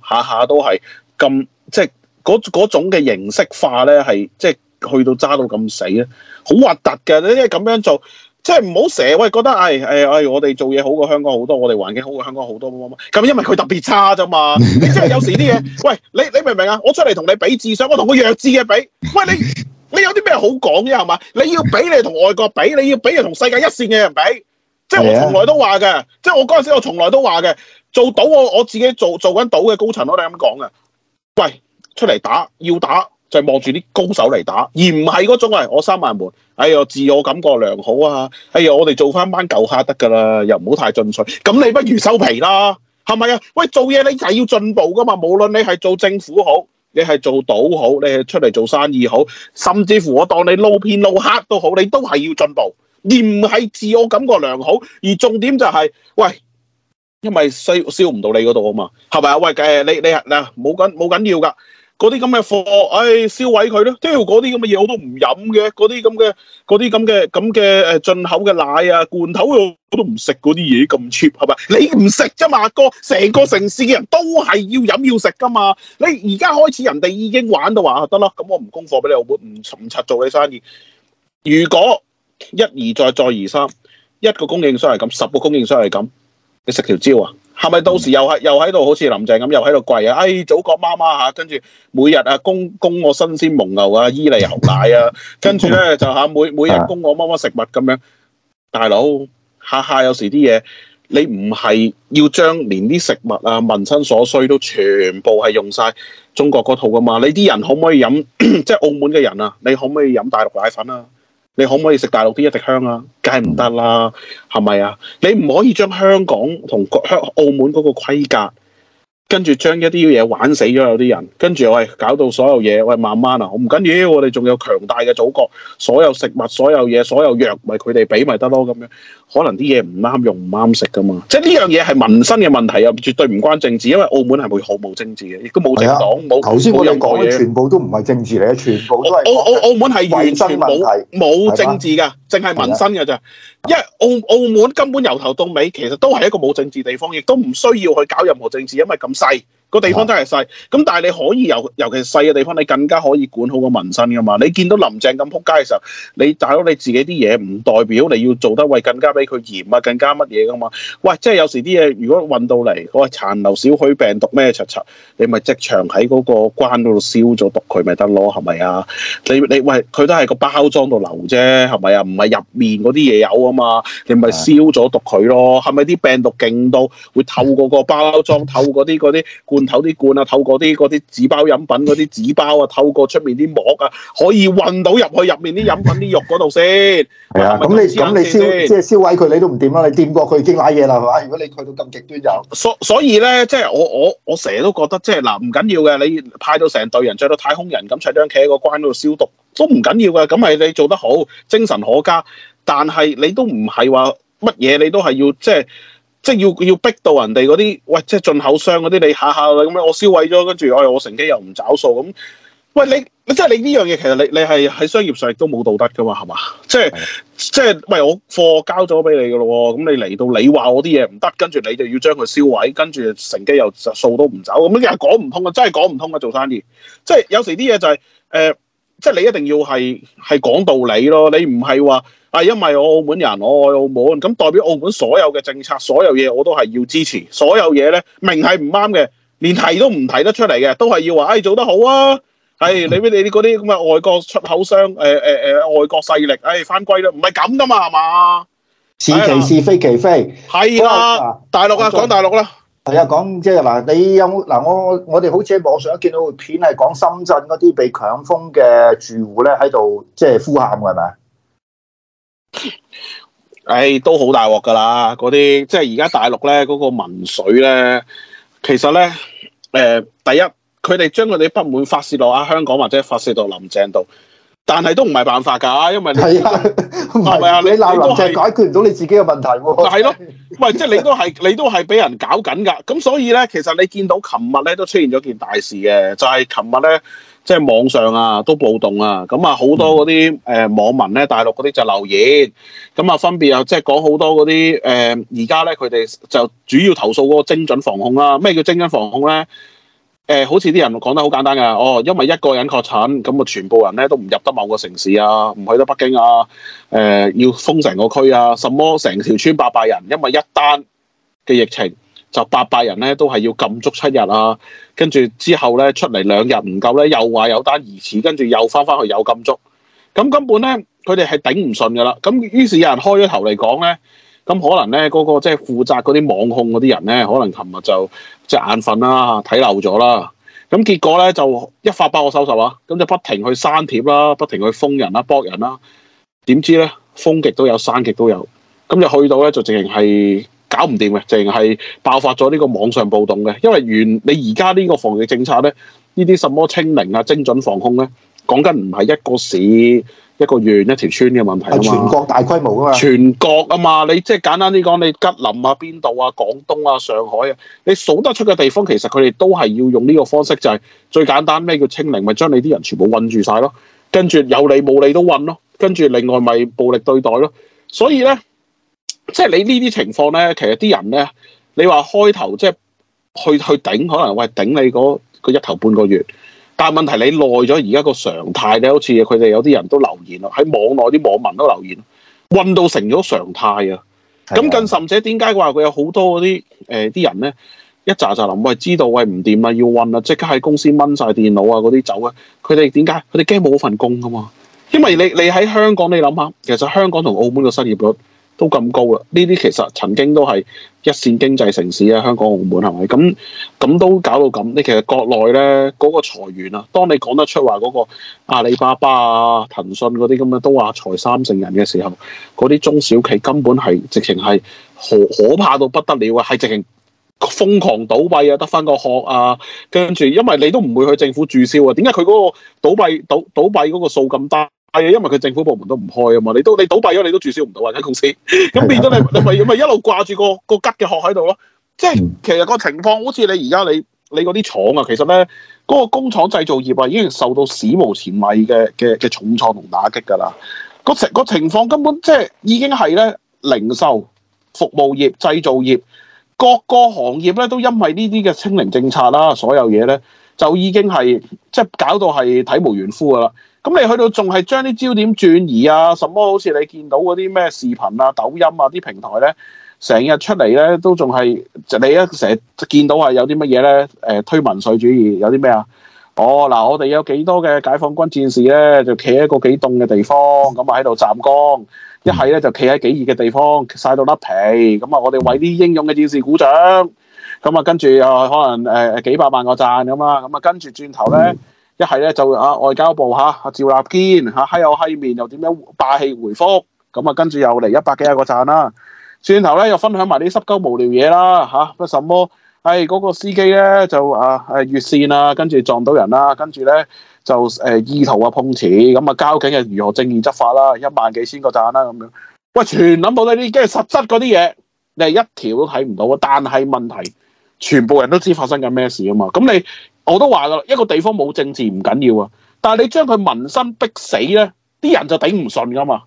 好下下都係咁，即係嗰種嘅形式化咧，係即係去到揸到咁死咧，好核突嘅你因為咁樣做。即係唔好成日，喂，覺得誒誒誒，我哋做嘢好過香港好多，我哋環境好過香港好多，咁因為佢特別差啫嘛。即係 有時啲嘢，喂，你你明唔明啊？我出嚟同你比智商，我同個弱智嘅比，喂你，你有啲咩好講啫？係嘛？你要比你同外國比，你要比你同世界一線嘅人比。即係我從來都話嘅， 即係我嗰陣時我從來都話嘅，做賭我我自己做做緊賭嘅高層，我哋咁講嘅。喂，出嚟打，要打。要打就望住啲高手嚟打，而唔係嗰種，係我閂埋門，哎呀，自我感覺良好啊！哎呀，我哋做翻班舊客得噶啦，又唔好太進取。咁你不如收皮啦，係咪啊？喂，做嘢你係要進步噶嘛？無論你係做政府好，你係做賭好，你係出嚟做生意好，甚至乎我當你撈偏撈黑都好，你都係要進步，而唔係自我感覺良好。而重點就係，是，喂，因為燒燒唔到你嗰度啊嘛，係咪啊？喂，誒，你你啊，冇緊冇緊要噶。嗰啲咁嘅貨，唉，燒毀佢咯。即係嗰啲咁嘅嘢，我都唔飲嘅。嗰啲咁嘅，嗰啲咁嘅，咁嘅，誒，進口嘅奶啊，罐頭我都唔食。嗰啲嘢咁 cheap 係咪？你唔食噶嘛，阿哥。成個城市嘅人都係要飲要食噶嘛。你而家開始人哋已經玩到話得啦，咁、啊、我唔供貨俾你，我唔唔拆做你生意。如果一而再，再而三，一個供應商係咁，十個供應商係咁，你食條蕉啊？係咪到時又係又喺度好似林鄭咁又喺度跪啊？誒、哎，祖國媽媽嚇、啊，跟住每日啊供供我新鮮蒙牛啊伊利牛奶啊，跟住咧就嚇、啊、每每日供我媽媽食物咁樣，大佬，下下有時啲嘢你唔係要將連啲食物啊民生所需都全部係用晒中國嗰套噶嘛？你啲人可唔可以飲 即係澳門嘅人啊？你可唔可以飲大陸奶粉啊？你可唔可以食大陸啲一滴香啊？梗係唔得啦，係咪啊？你唔可以將香港同澳門嗰個規格，跟住將一啲嘢玩死咗有啲人，跟住又搞到所有嘢，喂慢慢啊，唔緊要，我哋仲有強大嘅祖國，所有食物、所有嘢、所有藥，咪佢哋俾咪得咯，咁樣。可能啲嘢唔啱用，唔啱食噶嘛，即係呢樣嘢係民生嘅問題，啊，絕對唔關政治，因為澳門係會毫無政治嘅，亦都冇政黨，冇頭先，冇任何嘢，全部都唔係政治嚟，嘅澳。全部都澳澳澳門係完全冇冇政治嘅，淨係吧民生嘅咋，的因為澳澳門根本由頭到尾其實都係一個冇政治地方，亦都唔需要去搞任何政治，因為咁細，個地方真係細，咁但係你可以由，尤其是細嘅地方，你更加可以管好個民生噶嘛。你見到林鄭咁撲街嘅時候，你大佬，你自己啲嘢唔代表你要做得，喂，更加比佢嚴啊，更加乜嘢噶嘛？喂，即係有時啲嘢如果運到嚟，喂話殘留少許病毒咩柒柒，你咪即場喺嗰個關嗰度消咗毒佢咪得咯？係咪啊？你你喂佢都係個包裝度留啫，係咪啊？唔係入面嗰啲嘢有啊嘛？你咪消咗毒佢咯？係咪啲病毒勁到會透過個包裝， 透過啲啲透啲罐啊，透過啲嗰啲紙包飲品嗰啲紙包啊，透過出面啲膜啊，可以運到入去入面啲飲品啲肉嗰度 先。咁你咁你燒即係燒毀佢，你都唔掂啦。你掂過佢已經瀨嘢啦，係嘛？如果你去到咁極端就所所以咧，即係我我我成日都覺得，即係嗱唔緊要嘅，你派到成隊人着到太空人咁，砌張企喺個關度消毒都唔緊要嘅。咁係你做得好，精神可嘉。但係你都唔係話乜嘢，你都係要即係。即係要要逼到人哋嗰啲，喂，即係進口商嗰啲，你下下咁樣，我銷毀咗，跟住我又我乘機又唔找數咁，喂，你，即係你呢樣嘢，其實你你係喺商業上亦都冇道德噶嘛，係嘛？即係即係，喂，我貨交咗俾你噶咯，咁你嚟到你話我啲嘢唔得，跟住你就要將佢銷毀，跟住乘機又數都唔走，咁又講唔通啊！真係講唔通啊！做生意，即係有時啲嘢就係、是，誒、呃，即係你一定要係係講道理咯，你唔係話。係，因為我澳門人，我愛澳門，咁代表澳門所有嘅政策，所有嘢我都係要支持。所有嘢咧明係唔啱嘅，連提都唔提得出嚟嘅，都係要話，哎，做得好啊！係、哎、你俾你啲咁嘅外國出口商，誒誒誒外國勢力，哎翻歸啦，唔係咁噶嘛，係嘛？是、啊、其是非其非，係啊，但大陸啊，中講大陸啦、啊。係啊，講即係嗱，你有冇？嗱我我哋好似喺網上見到一片係講深圳嗰啲被強封嘅住戶咧喺度即係呼喊嘅係咪？唉、哎，都好大鑊噶啦，嗰啲即係而家大陸咧嗰個民粹咧，其實咧，誒、呃，第一，佢哋將佢哋不滿發洩到阿香港或者發洩到林鄭度，但係都唔係辦法噶，因為係啊，係咪啊？是是你鬧你林鄭解決唔到你自己嘅問題喎、啊，係咯的，喂， 即係你都係你都係俾人搞緊噶，咁所以咧，其實你見到琴日咧都出現咗件大事嘅，就係、是、琴日咧。即係網上啊，都暴動啊，咁啊好多嗰啲誒網民咧，大陸嗰啲就留言，咁、嗯、啊分別又即係講好多嗰啲誒，而家咧佢哋就主要投訴嗰個精準防控啦、啊。咩叫精準防控咧？誒、呃，好似啲人講得好簡單㗎，哦，因為一個人確診，咁啊全部人咧都唔入得某個城市啊，唔去得北京啊，誒、呃、要封成個區啊，什麼成條村八百人，因為一單嘅疫情。就八百人咧，都係要禁足七日啦、啊。跟住之後咧，出嚟兩日唔夠咧，又話有單疑似，跟住又翻翻去有禁足。咁、嗯、根本咧，佢哋係頂唔順噶啦。咁、嗯、於是有人開咗頭嚟講咧，咁可能咧嗰個即係負責嗰啲網控嗰啲人咧，可能琴日、那個、就隻眼瞓啦，睇漏咗啦。咁、嗯、結果咧就一發不可收拾啊，咁、嗯、就不停去刪帖啦，不停去封人啦，駁人啦。點知咧，封極都有，刪極都有。咁、嗯、就去到咧就直情係。都唔掂嘅，淨係爆發咗呢個網上暴動嘅。因為原你而家呢個防疫政策咧，呢啲什麼清零啊、精準防控呢，講緊唔係一個市、一個縣、一條村嘅問題啊嘛。全國大規模啊嘛。全國啊嘛，你即係簡單啲講，你吉林啊、邊度啊、廣東啊、上海啊，你數得出嘅地方，其實佢哋都係要用呢個方式，就係最簡單咩叫清零，咪將你啲人全部困住晒咯。跟住有你冇你都困咯。跟住另外咪暴力對待咯。所以呢。即係你呢啲情況咧，其實啲人咧，你話開頭即係去去頂，可能喂頂你嗰一頭半個月，但係問題你耐咗，而家個常態咧，你好似佢哋有啲人都留言啦，喺網內啲網民都留言，運到成咗常態啊。咁的更甚者點解話佢有好多嗰啲誒啲人咧一喳喳林，喂，知道喂，唔掂啊，要運啊，即刻喺公司掹晒電腦啊嗰啲走啊。佢哋點解佢哋驚冇份工噶嘛？因為你你喺香港，你諗下，其實香港同澳門個失業率，都咁高啦！呢啲其實曾經都係一線經濟城市啊，香港、澳門係咪？咁咁都搞到咁？你其實國內咧嗰個裁員啊，當你講得出話嗰、嗰個阿里巴巴啊、騰訊嗰啲咁樣都話裁三成人嘅時候，嗰啲中小企根本係直情係可可怕到不得了啊！係直情瘋狂倒閉啊，得翻個殼啊！跟住因為你都唔會去政府註銷啊？點解佢嗰個倒閉倒倒閉嗰個數咁低？係啊，因為佢政府部門都唔開啊嘛，你都你倒閉咗，你都注銷唔到啊間公司，咁變咗你你咪咪一路掛住個個吉嘅殼喺度咯。即係其實個情況，好似你而家你你嗰啲廠啊，其實咧嗰個工廠製造業啊，已經受到史無前例嘅嘅嘅重創同打擊噶啦。個情、個情況根本即係已經係咧，零售服務業、製造業、各個行業咧都因為呢啲嘅清零政策啦、啊，所有嘢咧就已經係即係搞到係體無完膚噶啦。咁你去到仲係將啲焦點轉移啊？什麼好似你見到嗰啲咩視頻啊、抖音啊啲平台咧，成日出嚟咧都仲係你一成日見到係有啲乜嘢咧？誒、呃、推民粹主義，有啲咩啊？哦嗱，我哋有幾多嘅解放軍戰士咧，就企喺個幾凍嘅地方，咁啊喺度站崗；一係咧就企喺幾熱嘅地方曬到甩皮，咁啊我哋為啲英勇嘅戰士鼓掌，咁啊跟住又可能誒、呃、幾百萬個讚咁啊，咁啊跟住轉頭咧。嗯一係咧就啊外交部嚇，阿、啊、趙立堅嚇，閪有閪面又點樣霸氣回覆？咁啊跟住又嚟一百幾廿個讚啦。轉、啊、頭咧又分享埋啲濕鳩無聊嘢啦嚇，乜什麼？唉嗰、哎那個司機咧就啊係越線啦，跟住撞到人啦、啊，跟住咧就誒、呃、意圖啊碰瓷，咁啊交警係如何正義執法啦？一萬幾千個讚啦咁樣。喂，全諗到呢啲，即係實質嗰啲嘢，你係一條都睇唔到啊！但係問題，全部人都知發生緊咩事啊嘛？咁你。我都話啦，一個地方冇政治唔緊要啊，但係你將佢民生逼死咧，啲人就頂唔順噶嘛。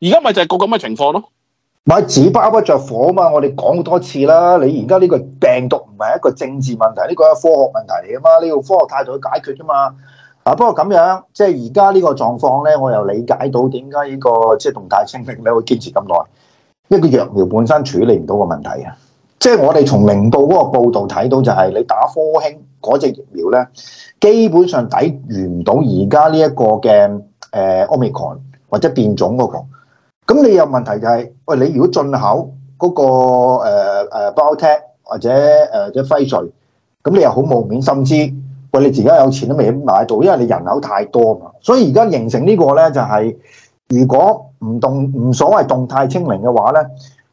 而家咪就係個咁嘅情況咯。咪紙包不着火啊嘛！我哋講好多次啦，你而家呢個病毒唔係一個政治問題，呢個係科學問題嚟啊嘛。你要科學態度去解決啫嘛。啊，不過咁樣即係而家呢個狀況咧，我又理解到點解呢個即係動態清零你會堅持咁耐，因為個藥苗本身處理唔到個問題啊。即係我哋從明報嗰個報導睇到就係你打科興。嗰隻疫苗咧，基本上抵完唔到而家呢一個嘅誒奧密克戎或者變種嗰個。咁你有問題就係，喂你如果進口嗰個誒誒包貼或者誒嘅輝瑞，咁你又好冇面，甚至喂你自己有錢都未點買到，因為你人口太多啊嘛。所以而家形成呢個咧，就係，如果唔動唔所謂動態清零嘅話咧，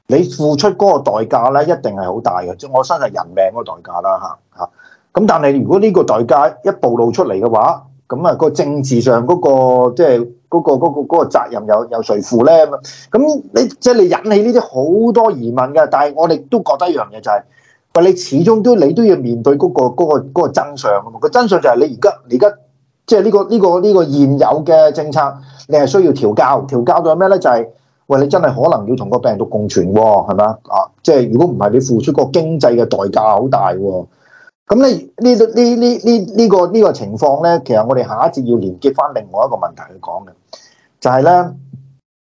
你付出嗰個代價咧一定係好大嘅，即我身係人命嗰個代價啦嚇嚇。啊咁但係如果呢個代價一暴露出嚟嘅話，咁、那、啊個政治上嗰、那個即係嗰個嗰、那個那個責任又有誰負咧？咁你即係、就是、你引起呢啲好多疑問嘅。但係我哋都覺得一樣嘢就係、是，喂你始終都你都要面對嗰、那個嗰、那個嗰、那個那個真相。那個真相就係你而家而家即係呢個呢、這個呢、這個這個現有嘅政策，你係需要調校。調校到咩咧？就係、是、喂你真係可能要同個病毒共存喎、哦，係嘛？啊，即、就、係、是、如果唔係你付出個經濟嘅代價好大喎、哦。咁咧，呢度呢呢呢呢個呢、這個這個情況咧，其實我哋下一節要連結翻另外一個問題去講嘅，就係、是、咧，誒、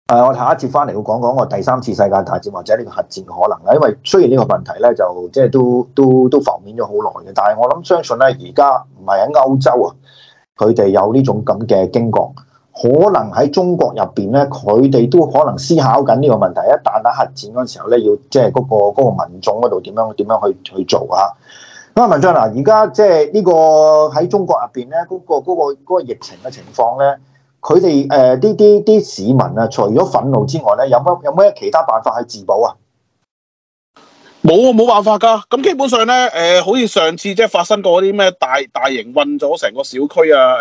呃，我下一節翻嚟會講講個第三次世界大戰或者呢個核戰嘅可能啊。因為雖然呢個問題咧就即係都都都浮面咗好耐嘅，但係我諗相信咧，而家唔係喺歐洲啊，佢哋有呢種咁嘅經過，可能喺中國入邊咧，佢哋都可能思考緊呢個問題。一旦喺核戰嗰時候咧，要即係嗰、那個那個民眾嗰度點樣點樣去去做啊？咁啊，文章嗱，而家即係呢個喺中國入邊咧，嗰個嗰個嗰個疫情嘅情況咧，佢哋誒啲啲啲市民啊，除咗憤怒之外咧，有冇有咩其他辦法係自保啊？冇啊，冇辦法㗎。咁基本上咧，誒，好似上次即係發生過嗰啲咩大大型運咗成個小區啊，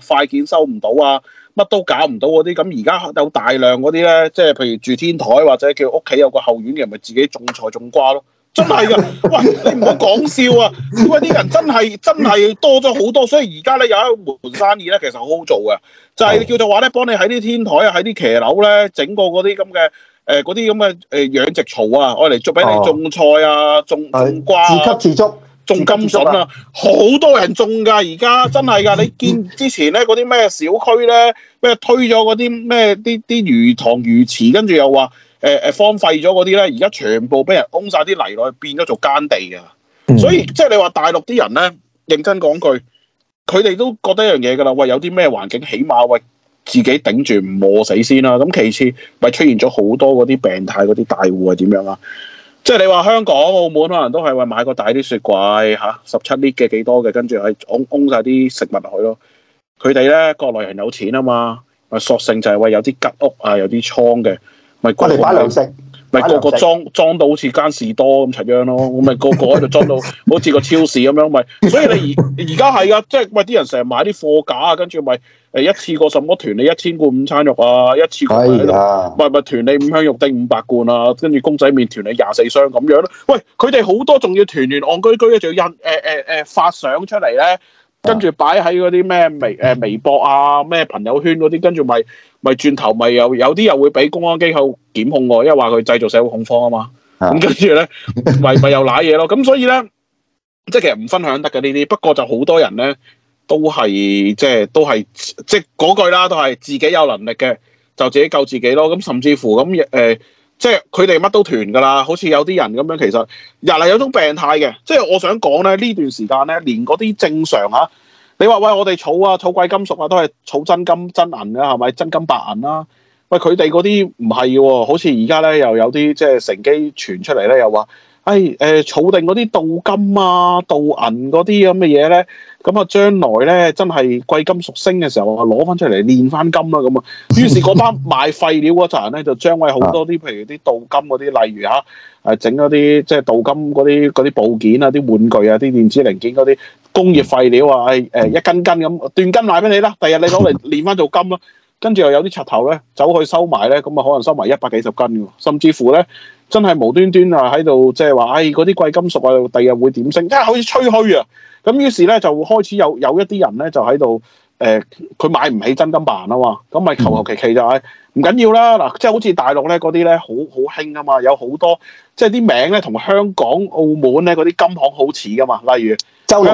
誒，快件收唔到啊，乜都搞唔到嗰啲，咁而家有大量嗰啲咧，即係譬如住天台或者叫屋企有個後院嘅人，咪自己種菜種瓜咯。 真係噶，喂！你唔好講笑啊！因為啲人真係真係多咗好多，所以而家咧有一門生意咧，其實好好做嘅，就係、是、叫做話咧，幫你喺啲天台啊，喺啲騎樓咧，整個嗰啲咁嘅誒嗰啲咁嘅誒養殖槽啊，我嚟捉俾你種菜啊，種，種瓜啊，自給自足，種金筍啊，好多人種㗎，而家真係㗎，你見之前咧嗰啲咩小區咧，咩推咗嗰啲咩啲啲魚塘魚池，跟住又話。誒誒、呃、荒廢咗嗰啲咧，而家全部俾人傭晒啲泥落去，變咗做耕地啊！所以、嗯、即係你話大陸啲人咧，認真講句，佢哋都覺得一樣嘢噶啦。喂，有啲咩環境，起碼喂自己頂住唔餓死先啦、啊。咁其次，咪出現咗好多嗰啲病態嗰啲大戶係點樣啊？即係你話香港、澳門可能都係喂買個大啲雪櫃嚇，十七呎嘅幾多嘅，跟住係傭傭晒啲食物落去咯。佢哋咧，國內人有錢啊嘛，咪索性就係喂有啲吉屋啊，有啲倉嘅。咪骨攰埋糧食，咪個個裝裝到好似間士多咁齊央咯，我咪個個喺度裝到好似個超市咁樣，咪所以你而而家係啊，即係喂啲人成日買啲貨架啊，跟住咪誒一次個什麼團你一千罐午餐肉啊，一次個喺度，咪咪團你五香肉丁五百罐啦，跟住公仔麵團你廿四箱咁樣咯，喂，佢哋好多仲要團完戇居居咧，仲要印誒誒誒發相出嚟咧，跟住擺喺嗰啲咩微誒、呃、微博啊咩朋友圈嗰啲，跟住咪。咪轉頭咪有有啲又會俾公安機構檢控我，因為話佢製造社會恐慌啊嘛。咁跟住咧，咪咪 又瀨嘢咯。咁所以咧，即係其實唔分享得嘅呢啲。不過就好多人咧，都係即係都係即係嗰句啦，都係自己有能力嘅就自己救自己咯。咁甚至乎咁誒、呃，即係佢哋乜都斷噶啦。好似有啲人咁樣，其實人係有種病態嘅。即係我想講咧，呢段時間咧，連嗰啲正常嚇、啊。你話喂，我哋儲啊，儲貴金屬啊，都係儲真金真銀啊，係咪？真金白銀啦、啊。喂，佢哋嗰啲唔係嘅，好似而家咧又有啲即係乘機傳出嚟咧，又話。誒誒、哎呃，儲定嗰啲鍍金啊、鍍銀嗰啲咁嘅嘢咧，咁啊將來咧真係貴金屬升嘅時候啊，攞翻出嚟煉翻金啦咁啊。於是嗰班賣廢料嗰人咧，就將會好多啲，譬如啲鍍、 啊呃就是、金嗰啲，例如嚇，誒整嗰啲即係鍍金嗰啲嗰啲部件啊、啲玩具啊、啲電子零件嗰啲工業廢料啊，誒、呃、一斤斤咁斷斤賣俾你啦，第日，日你攞嚟煉翻做金啦、啊。跟住又有啲柒頭咧，走去收埋咧，咁啊可能收埋一百幾十幾斤，甚至乎咧。真係無端端啊，喺度即係話，唉嗰啲貴金屬啊，第日會點升？真、哎、係好似吹噓啊！咁於是咧就開始有有一啲人咧就喺度，誒、呃、佢買唔起真金白銀啊嘛，咁咪求求其其就係哎、係唔緊要啦。嗱，即係好似大陸咧嗰啲咧，好好興啊嘛，有好多即係啲名咧同香港、澳門咧嗰啲金行好似噶嘛，例如周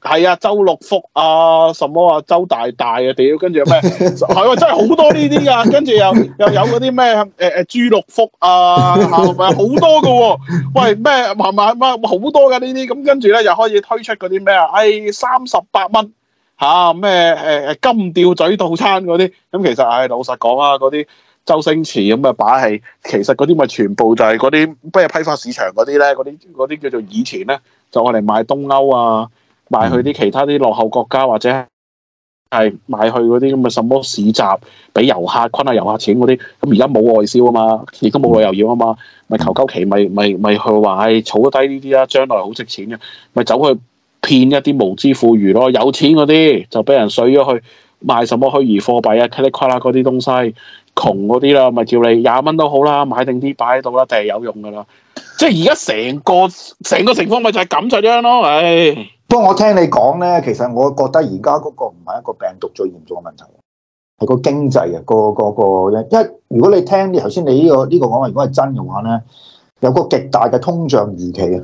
係啊，周六福啊，什麼啊，周大大啊屌，跟住咩？係啊， 真係好多呢啲噶，跟住又又有嗰啲咩？誒誒，朱六福啊，係、啊、好、啊、多噶、啊？喂，咩？慢慢咩？好多噶、啊、呢啲，咁跟住咧又開始推出嗰啲咩啊？唉，三十八蚊，吓咩？誒誒，金吊嘴套餐嗰啲，咁其實唉老實講啊，嗰啲周星馳咁嘅把戲，其實嗰啲咪全部就係嗰啲咩批發市場嗰啲咧，嗰啲嗰啲叫做以前咧，就我哋賣東歐啊。賣去啲其他啲落後國家，或者係賣去嗰啲咁嘅什麼市集，俾遊客坤下遊客錢嗰啲。咁而家冇外銷啊嘛，亦都冇旅遊業啊嘛，咪求求其，咪咪咪去話，係，儲得低呢啲啊，將來好值錢嘅，咪走去騙一啲無知富裕咯，有錢嗰啲就俾人水咗去賣什麼虛擬貨幣啊，噼里呱啦嗰啲東西，窮嗰啲啦，咪叫你廿蚊都好啦，買定啲擺喺度啦，定係有用㗎啦。即係而家成個成個情況咪就係咁就樣咯，唉、哎。不過我聽你講咧，其實我覺得而家嗰個唔係一個病毒最嚴重嘅問題，係個經濟啊，個個，個因因為如果你聽啲頭先你呢、呢個呢、呢個講話，如果係真嘅話咧，有個極大嘅通脹預期啊，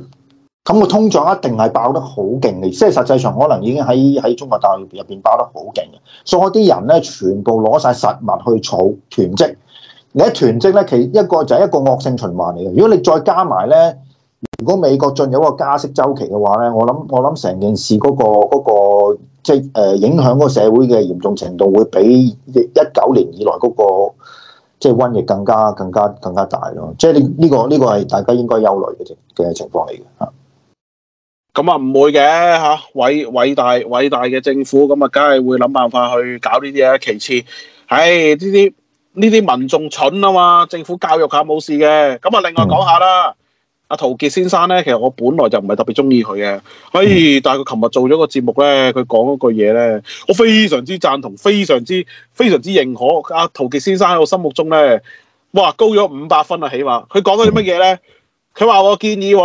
咁個通脹一定係爆得好勁嘅，即係實際上可能已經喺喺中國大陸入邊爆得好勁嘅，所以啲人咧全部攞晒實物去儲囤積，你一囤積咧，其實一個就係一個惡性循環嚟嘅。如果你再加埋咧，如果美國進入一個加息周期嘅話咧，我諗我諗成件事嗰、嗰個、嗰個、即係誒、呃、影響嗰個社會嘅嚴重程度會比一九年以來嗰、嗰個即係瘟疫更加更加更加大咯。即係呢呢個呢、呢個係大家應該憂慮嘅嘅情況嚟嘅嚇。咁啊唔會嘅嚇，偉偉大偉大嘅政府咁啊，梗係會諗辦法去搞呢啲嘢。其次，唉呢啲呢啲民眾蠢啊嘛，政府教育下冇事嘅。咁啊，另外講下啦。嗯陶傑先生呢，其實我本來就唔係特別中意佢嘅，可、哎、但係佢琴日做咗個節目呢，佢講嗰句嘢呢，我非常之贊同，非常之非常之認可。阿陶傑先生喺我心目中呢，哇，高咗五百分啊，起碼。佢講咗啲乜嘢呢？佢話我建議，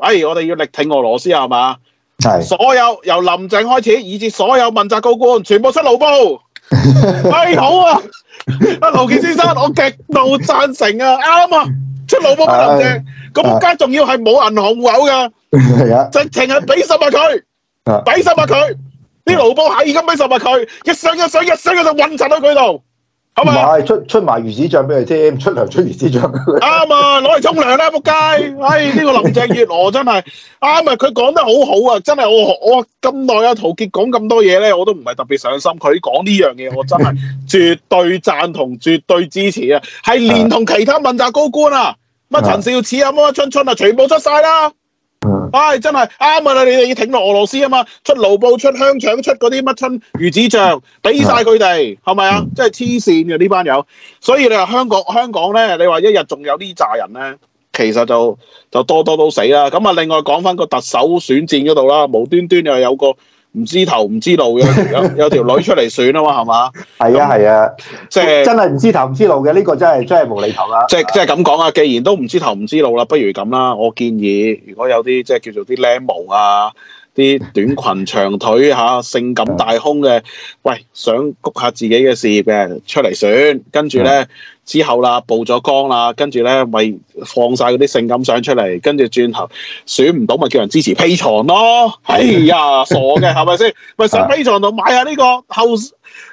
哎，我哋要力挺俄羅斯啊，係嘛？是所有由林鄭開始，以至所有問責高官，全部出勞部。係好啊，阿劉杰先生，我極度贊成啊，啱啊，出蘿蔔俾林鄭，咁梗係仲要係冇銀行戶口噶，係啊，直情係俾十萬佢，俾十萬佢，啲蘿蔔係而家俾十萬佢，一箱一箱一箱嘅就運晒到佢度。唔係出出埋魚子醬俾佢添，出糧，出，糧出魚子醬。啱啊，， 攞嚟沖涼啦，仆街！哎，呢、這個林鄭月娥真係啱 啊，佢講得好好啊，真係我我咁耐啊，陶傑講咁多嘢咧，我都唔係特別上心。佢講呢樣嘢，我真係絕對贊同，絕對支持啊！係連同其他問責高官啊，乜陳少始啊、乜春春啊，全部出晒啦、啊。唉、哎，真係啱啊！你哋要挺落俄羅斯啊嘛，出盧布、出香腸、出嗰啲乜春魚子醬，俾晒佢哋，係咪啊？真係黐線嘅呢班友。所以你話香港香港咧，你話一日仲有呢扎人咧，其實就就多多都死啦。咁啊，另外講翻個特首選戰嗰度啦，無端端又有個，唔知頭唔知路嘅， 有條女出嚟選啊嘛，係嘛？係啊係啊，即係、啊就是、真係唔知頭唔知，知路嘅，呢、這個真係真係無厘頭啦。即係即係咁講啊，既然都唔知頭唔知，知路啦，不如咁啦，我建議如果有啲即係叫做啲靚模啊。啲短裙長腿吓、啊，性感大胸嘅，喂，想谷下自己嘅事業嘅，出嚟選，跟住咧之後啦，曝咗光啦，跟住咧咪放晒嗰啲性感相出嚟，跟住轉頭選唔到咪叫人支持 Patreon 咯，哎呀， 傻嘅係咪先？咪 上 Patreon 度買下呢個候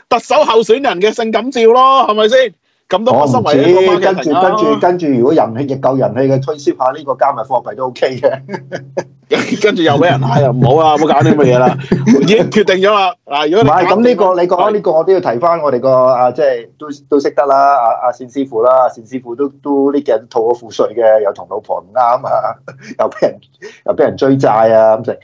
特首候選人嘅性感照咯，係咪先？咁都貨幣，跟住跟住跟住，如果人氣亦夠人氣嘅推銷下呢個加密貨幣都 OK 嘅。 跟住又俾人買，又唔好啊！唔好搞啲咁嘅嘢啦，已經決定咗啦，這個這個這個。啊，如果唔係咁呢個你講呢個，我都要提翻我哋個啊，即係都都識得啦。阿阿善師傅啦，啊，善師傅都都啲人吐咗付稅嘅，又同老婆唔啱啊，又俾人又俾人，人追債啊咁成。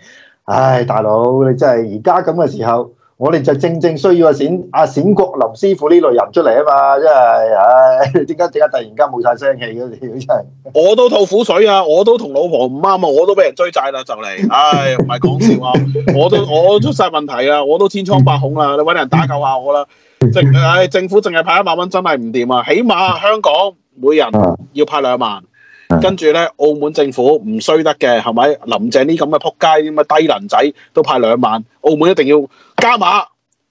唉，哎哎，大佬，你真係而家咁嘅時候。哎我哋就正正需要阿冼阿冼國林師傅呢類人出嚟啊嘛，真係，唉、哎，點解點解突然間冇晒聲氣嘅真係，我都吐苦水啊！我都同老婆唔啱啊！我都俾人追債啦，就嚟，唉、哎，唔係講笑啊！我都我出晒問題啦，我都千瘡百孔啦，你搵人打救下我啦，哎！政唉政府淨係派一萬蚊真係唔掂啊！起碼香港每人要派兩萬。跟住咧，澳門政府唔衰得嘅，係咪？林鄭呢咁嘅撲街咁嘅低能仔都派兩萬，澳門一定要加碼，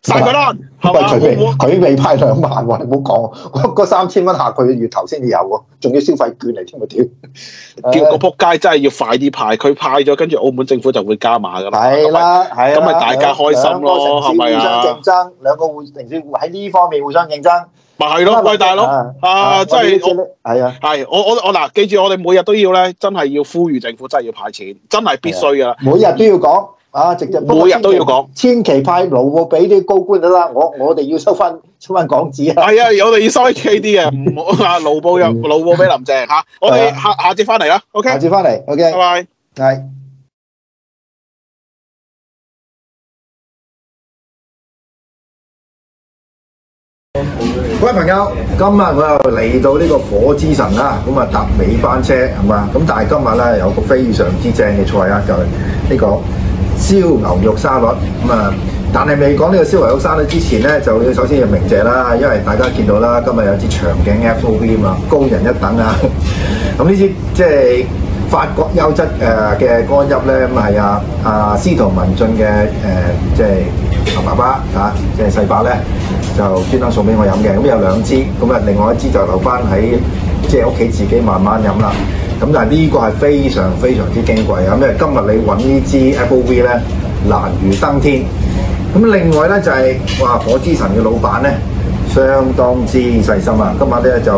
犀佢啦。利吧？係咪吧？佢未佢未派兩萬喎、哦，你唔好講，嗰三千蚊下佢月頭先至有喎、啊，仲要消費券嚟添咪屌！吧叫個撲街真係要快啲派，佢派咗，跟住澳門政府就會加碼㗎啦。係啦，係啊，咁咪大家開心咯，係咪啊？互相競爭，吧兩個會成日喺呢方面互相競爭。係咯，喂大佬啊，真係我係啊，係我我我嗱，記住我哋每日都要咧，真係要呼籲政府真係要派錢，真係必須噶啦，每日都要講啊，每日都要講，千祈派盧布俾啲高官得啦，我我哋要收翻收翻港紙啊，係啊，我哋要收一啲啲啊，唔好啊，盧布又盧布俾林鄭吓，我哋下下節翻嚟啦，OK，下節翻嚟，OK，拜拜，係。各位朋友，今日我又嚟到呢個火之神啦，咁啊搭尾班車係嘛？咁但係今日咧有個非常之正嘅菜啊，就呢、係、個燒牛肉沙律。咁、嗯、啊，但係未講呢個燒牛肉沙律之前咧，就要首先要鳴謝啦，因為大家見到啦，今日有支長頸 FOP 嘛，高人一等啊。咁呢支即係法國優質誒嘅乾邑咧，咁係阿阿司徒文進嘅誒即係。呃就是同爸爸嚇、啊，即係細伯咧，就專登送俾我飲嘅。咁有兩支，咁、嗯、啊，另外一支就留翻喺即係屋企自己慢慢飲啦。咁、嗯、但係呢個係非常非常之矜貴啊！因、嗯、今日你揾呢支 F O V 咧難如登天。咁、嗯、另外咧就係、是、哇，火之神嘅老闆咧相當之細心啊！今晚咧就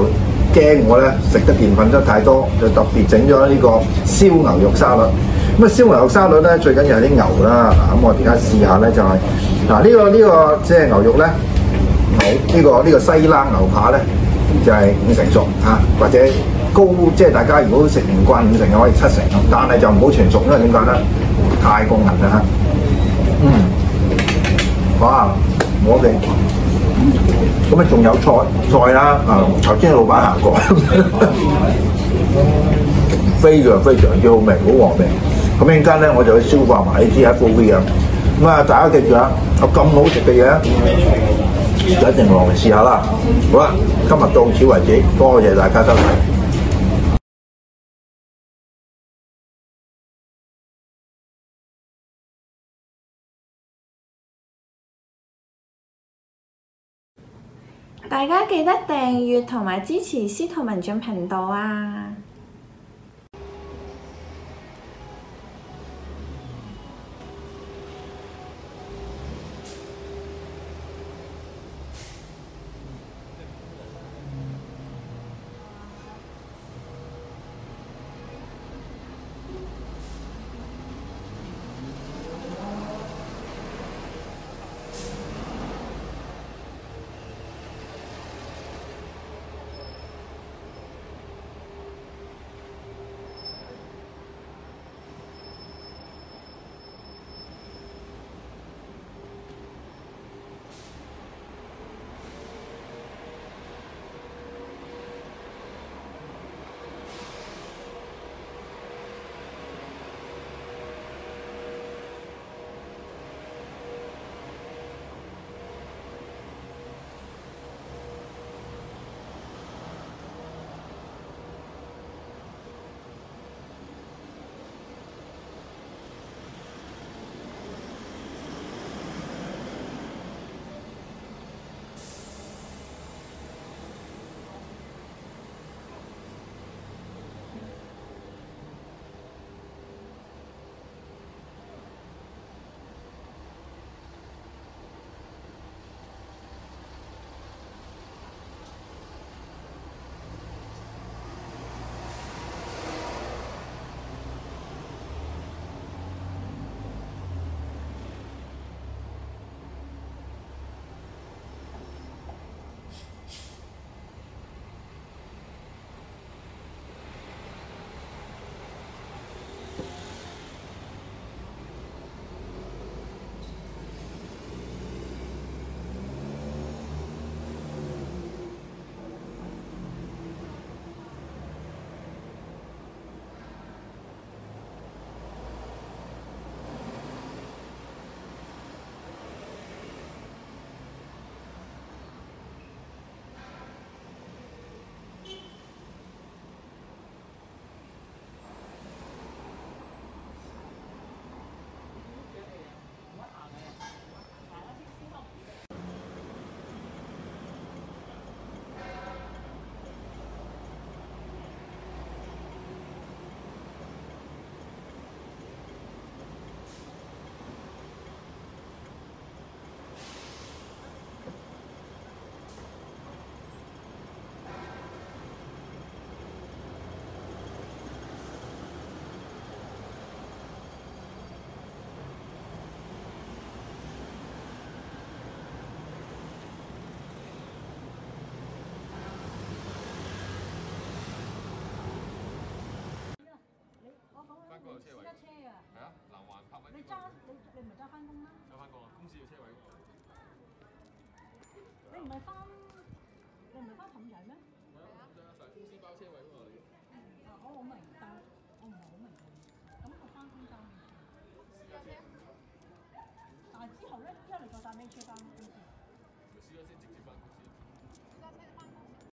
驚我咧食得澱粉質太多，就特別整咗呢個燒牛肉沙律。咁、嗯、啊，燒牛肉沙律咧最緊要係啲牛啦。咁、啊、我而家試下咧就係、是。嗱呢個呢個即係牛肉咧，牛呢個呢個西冷牛扒咧就係五成熟嚇，或者高即係大家如果食唔慣五成，可以七成，但係就唔好全熟，因為點解咧？太過硬啦嚇。嗯，哇，我哋咁啊，仲有菜菜啦啊！頭先老闆行過，非常非常之好味，好和味。咁一陣咧，我就去消化埋呢支 F O V 啊！大家記住啊，啦，咁好食嘅嘢，大一定落嚟試一下啦！好啦，今日到此為止，多謝大家收睇。大家記得訂閱同埋支持司徒文進頻道啊！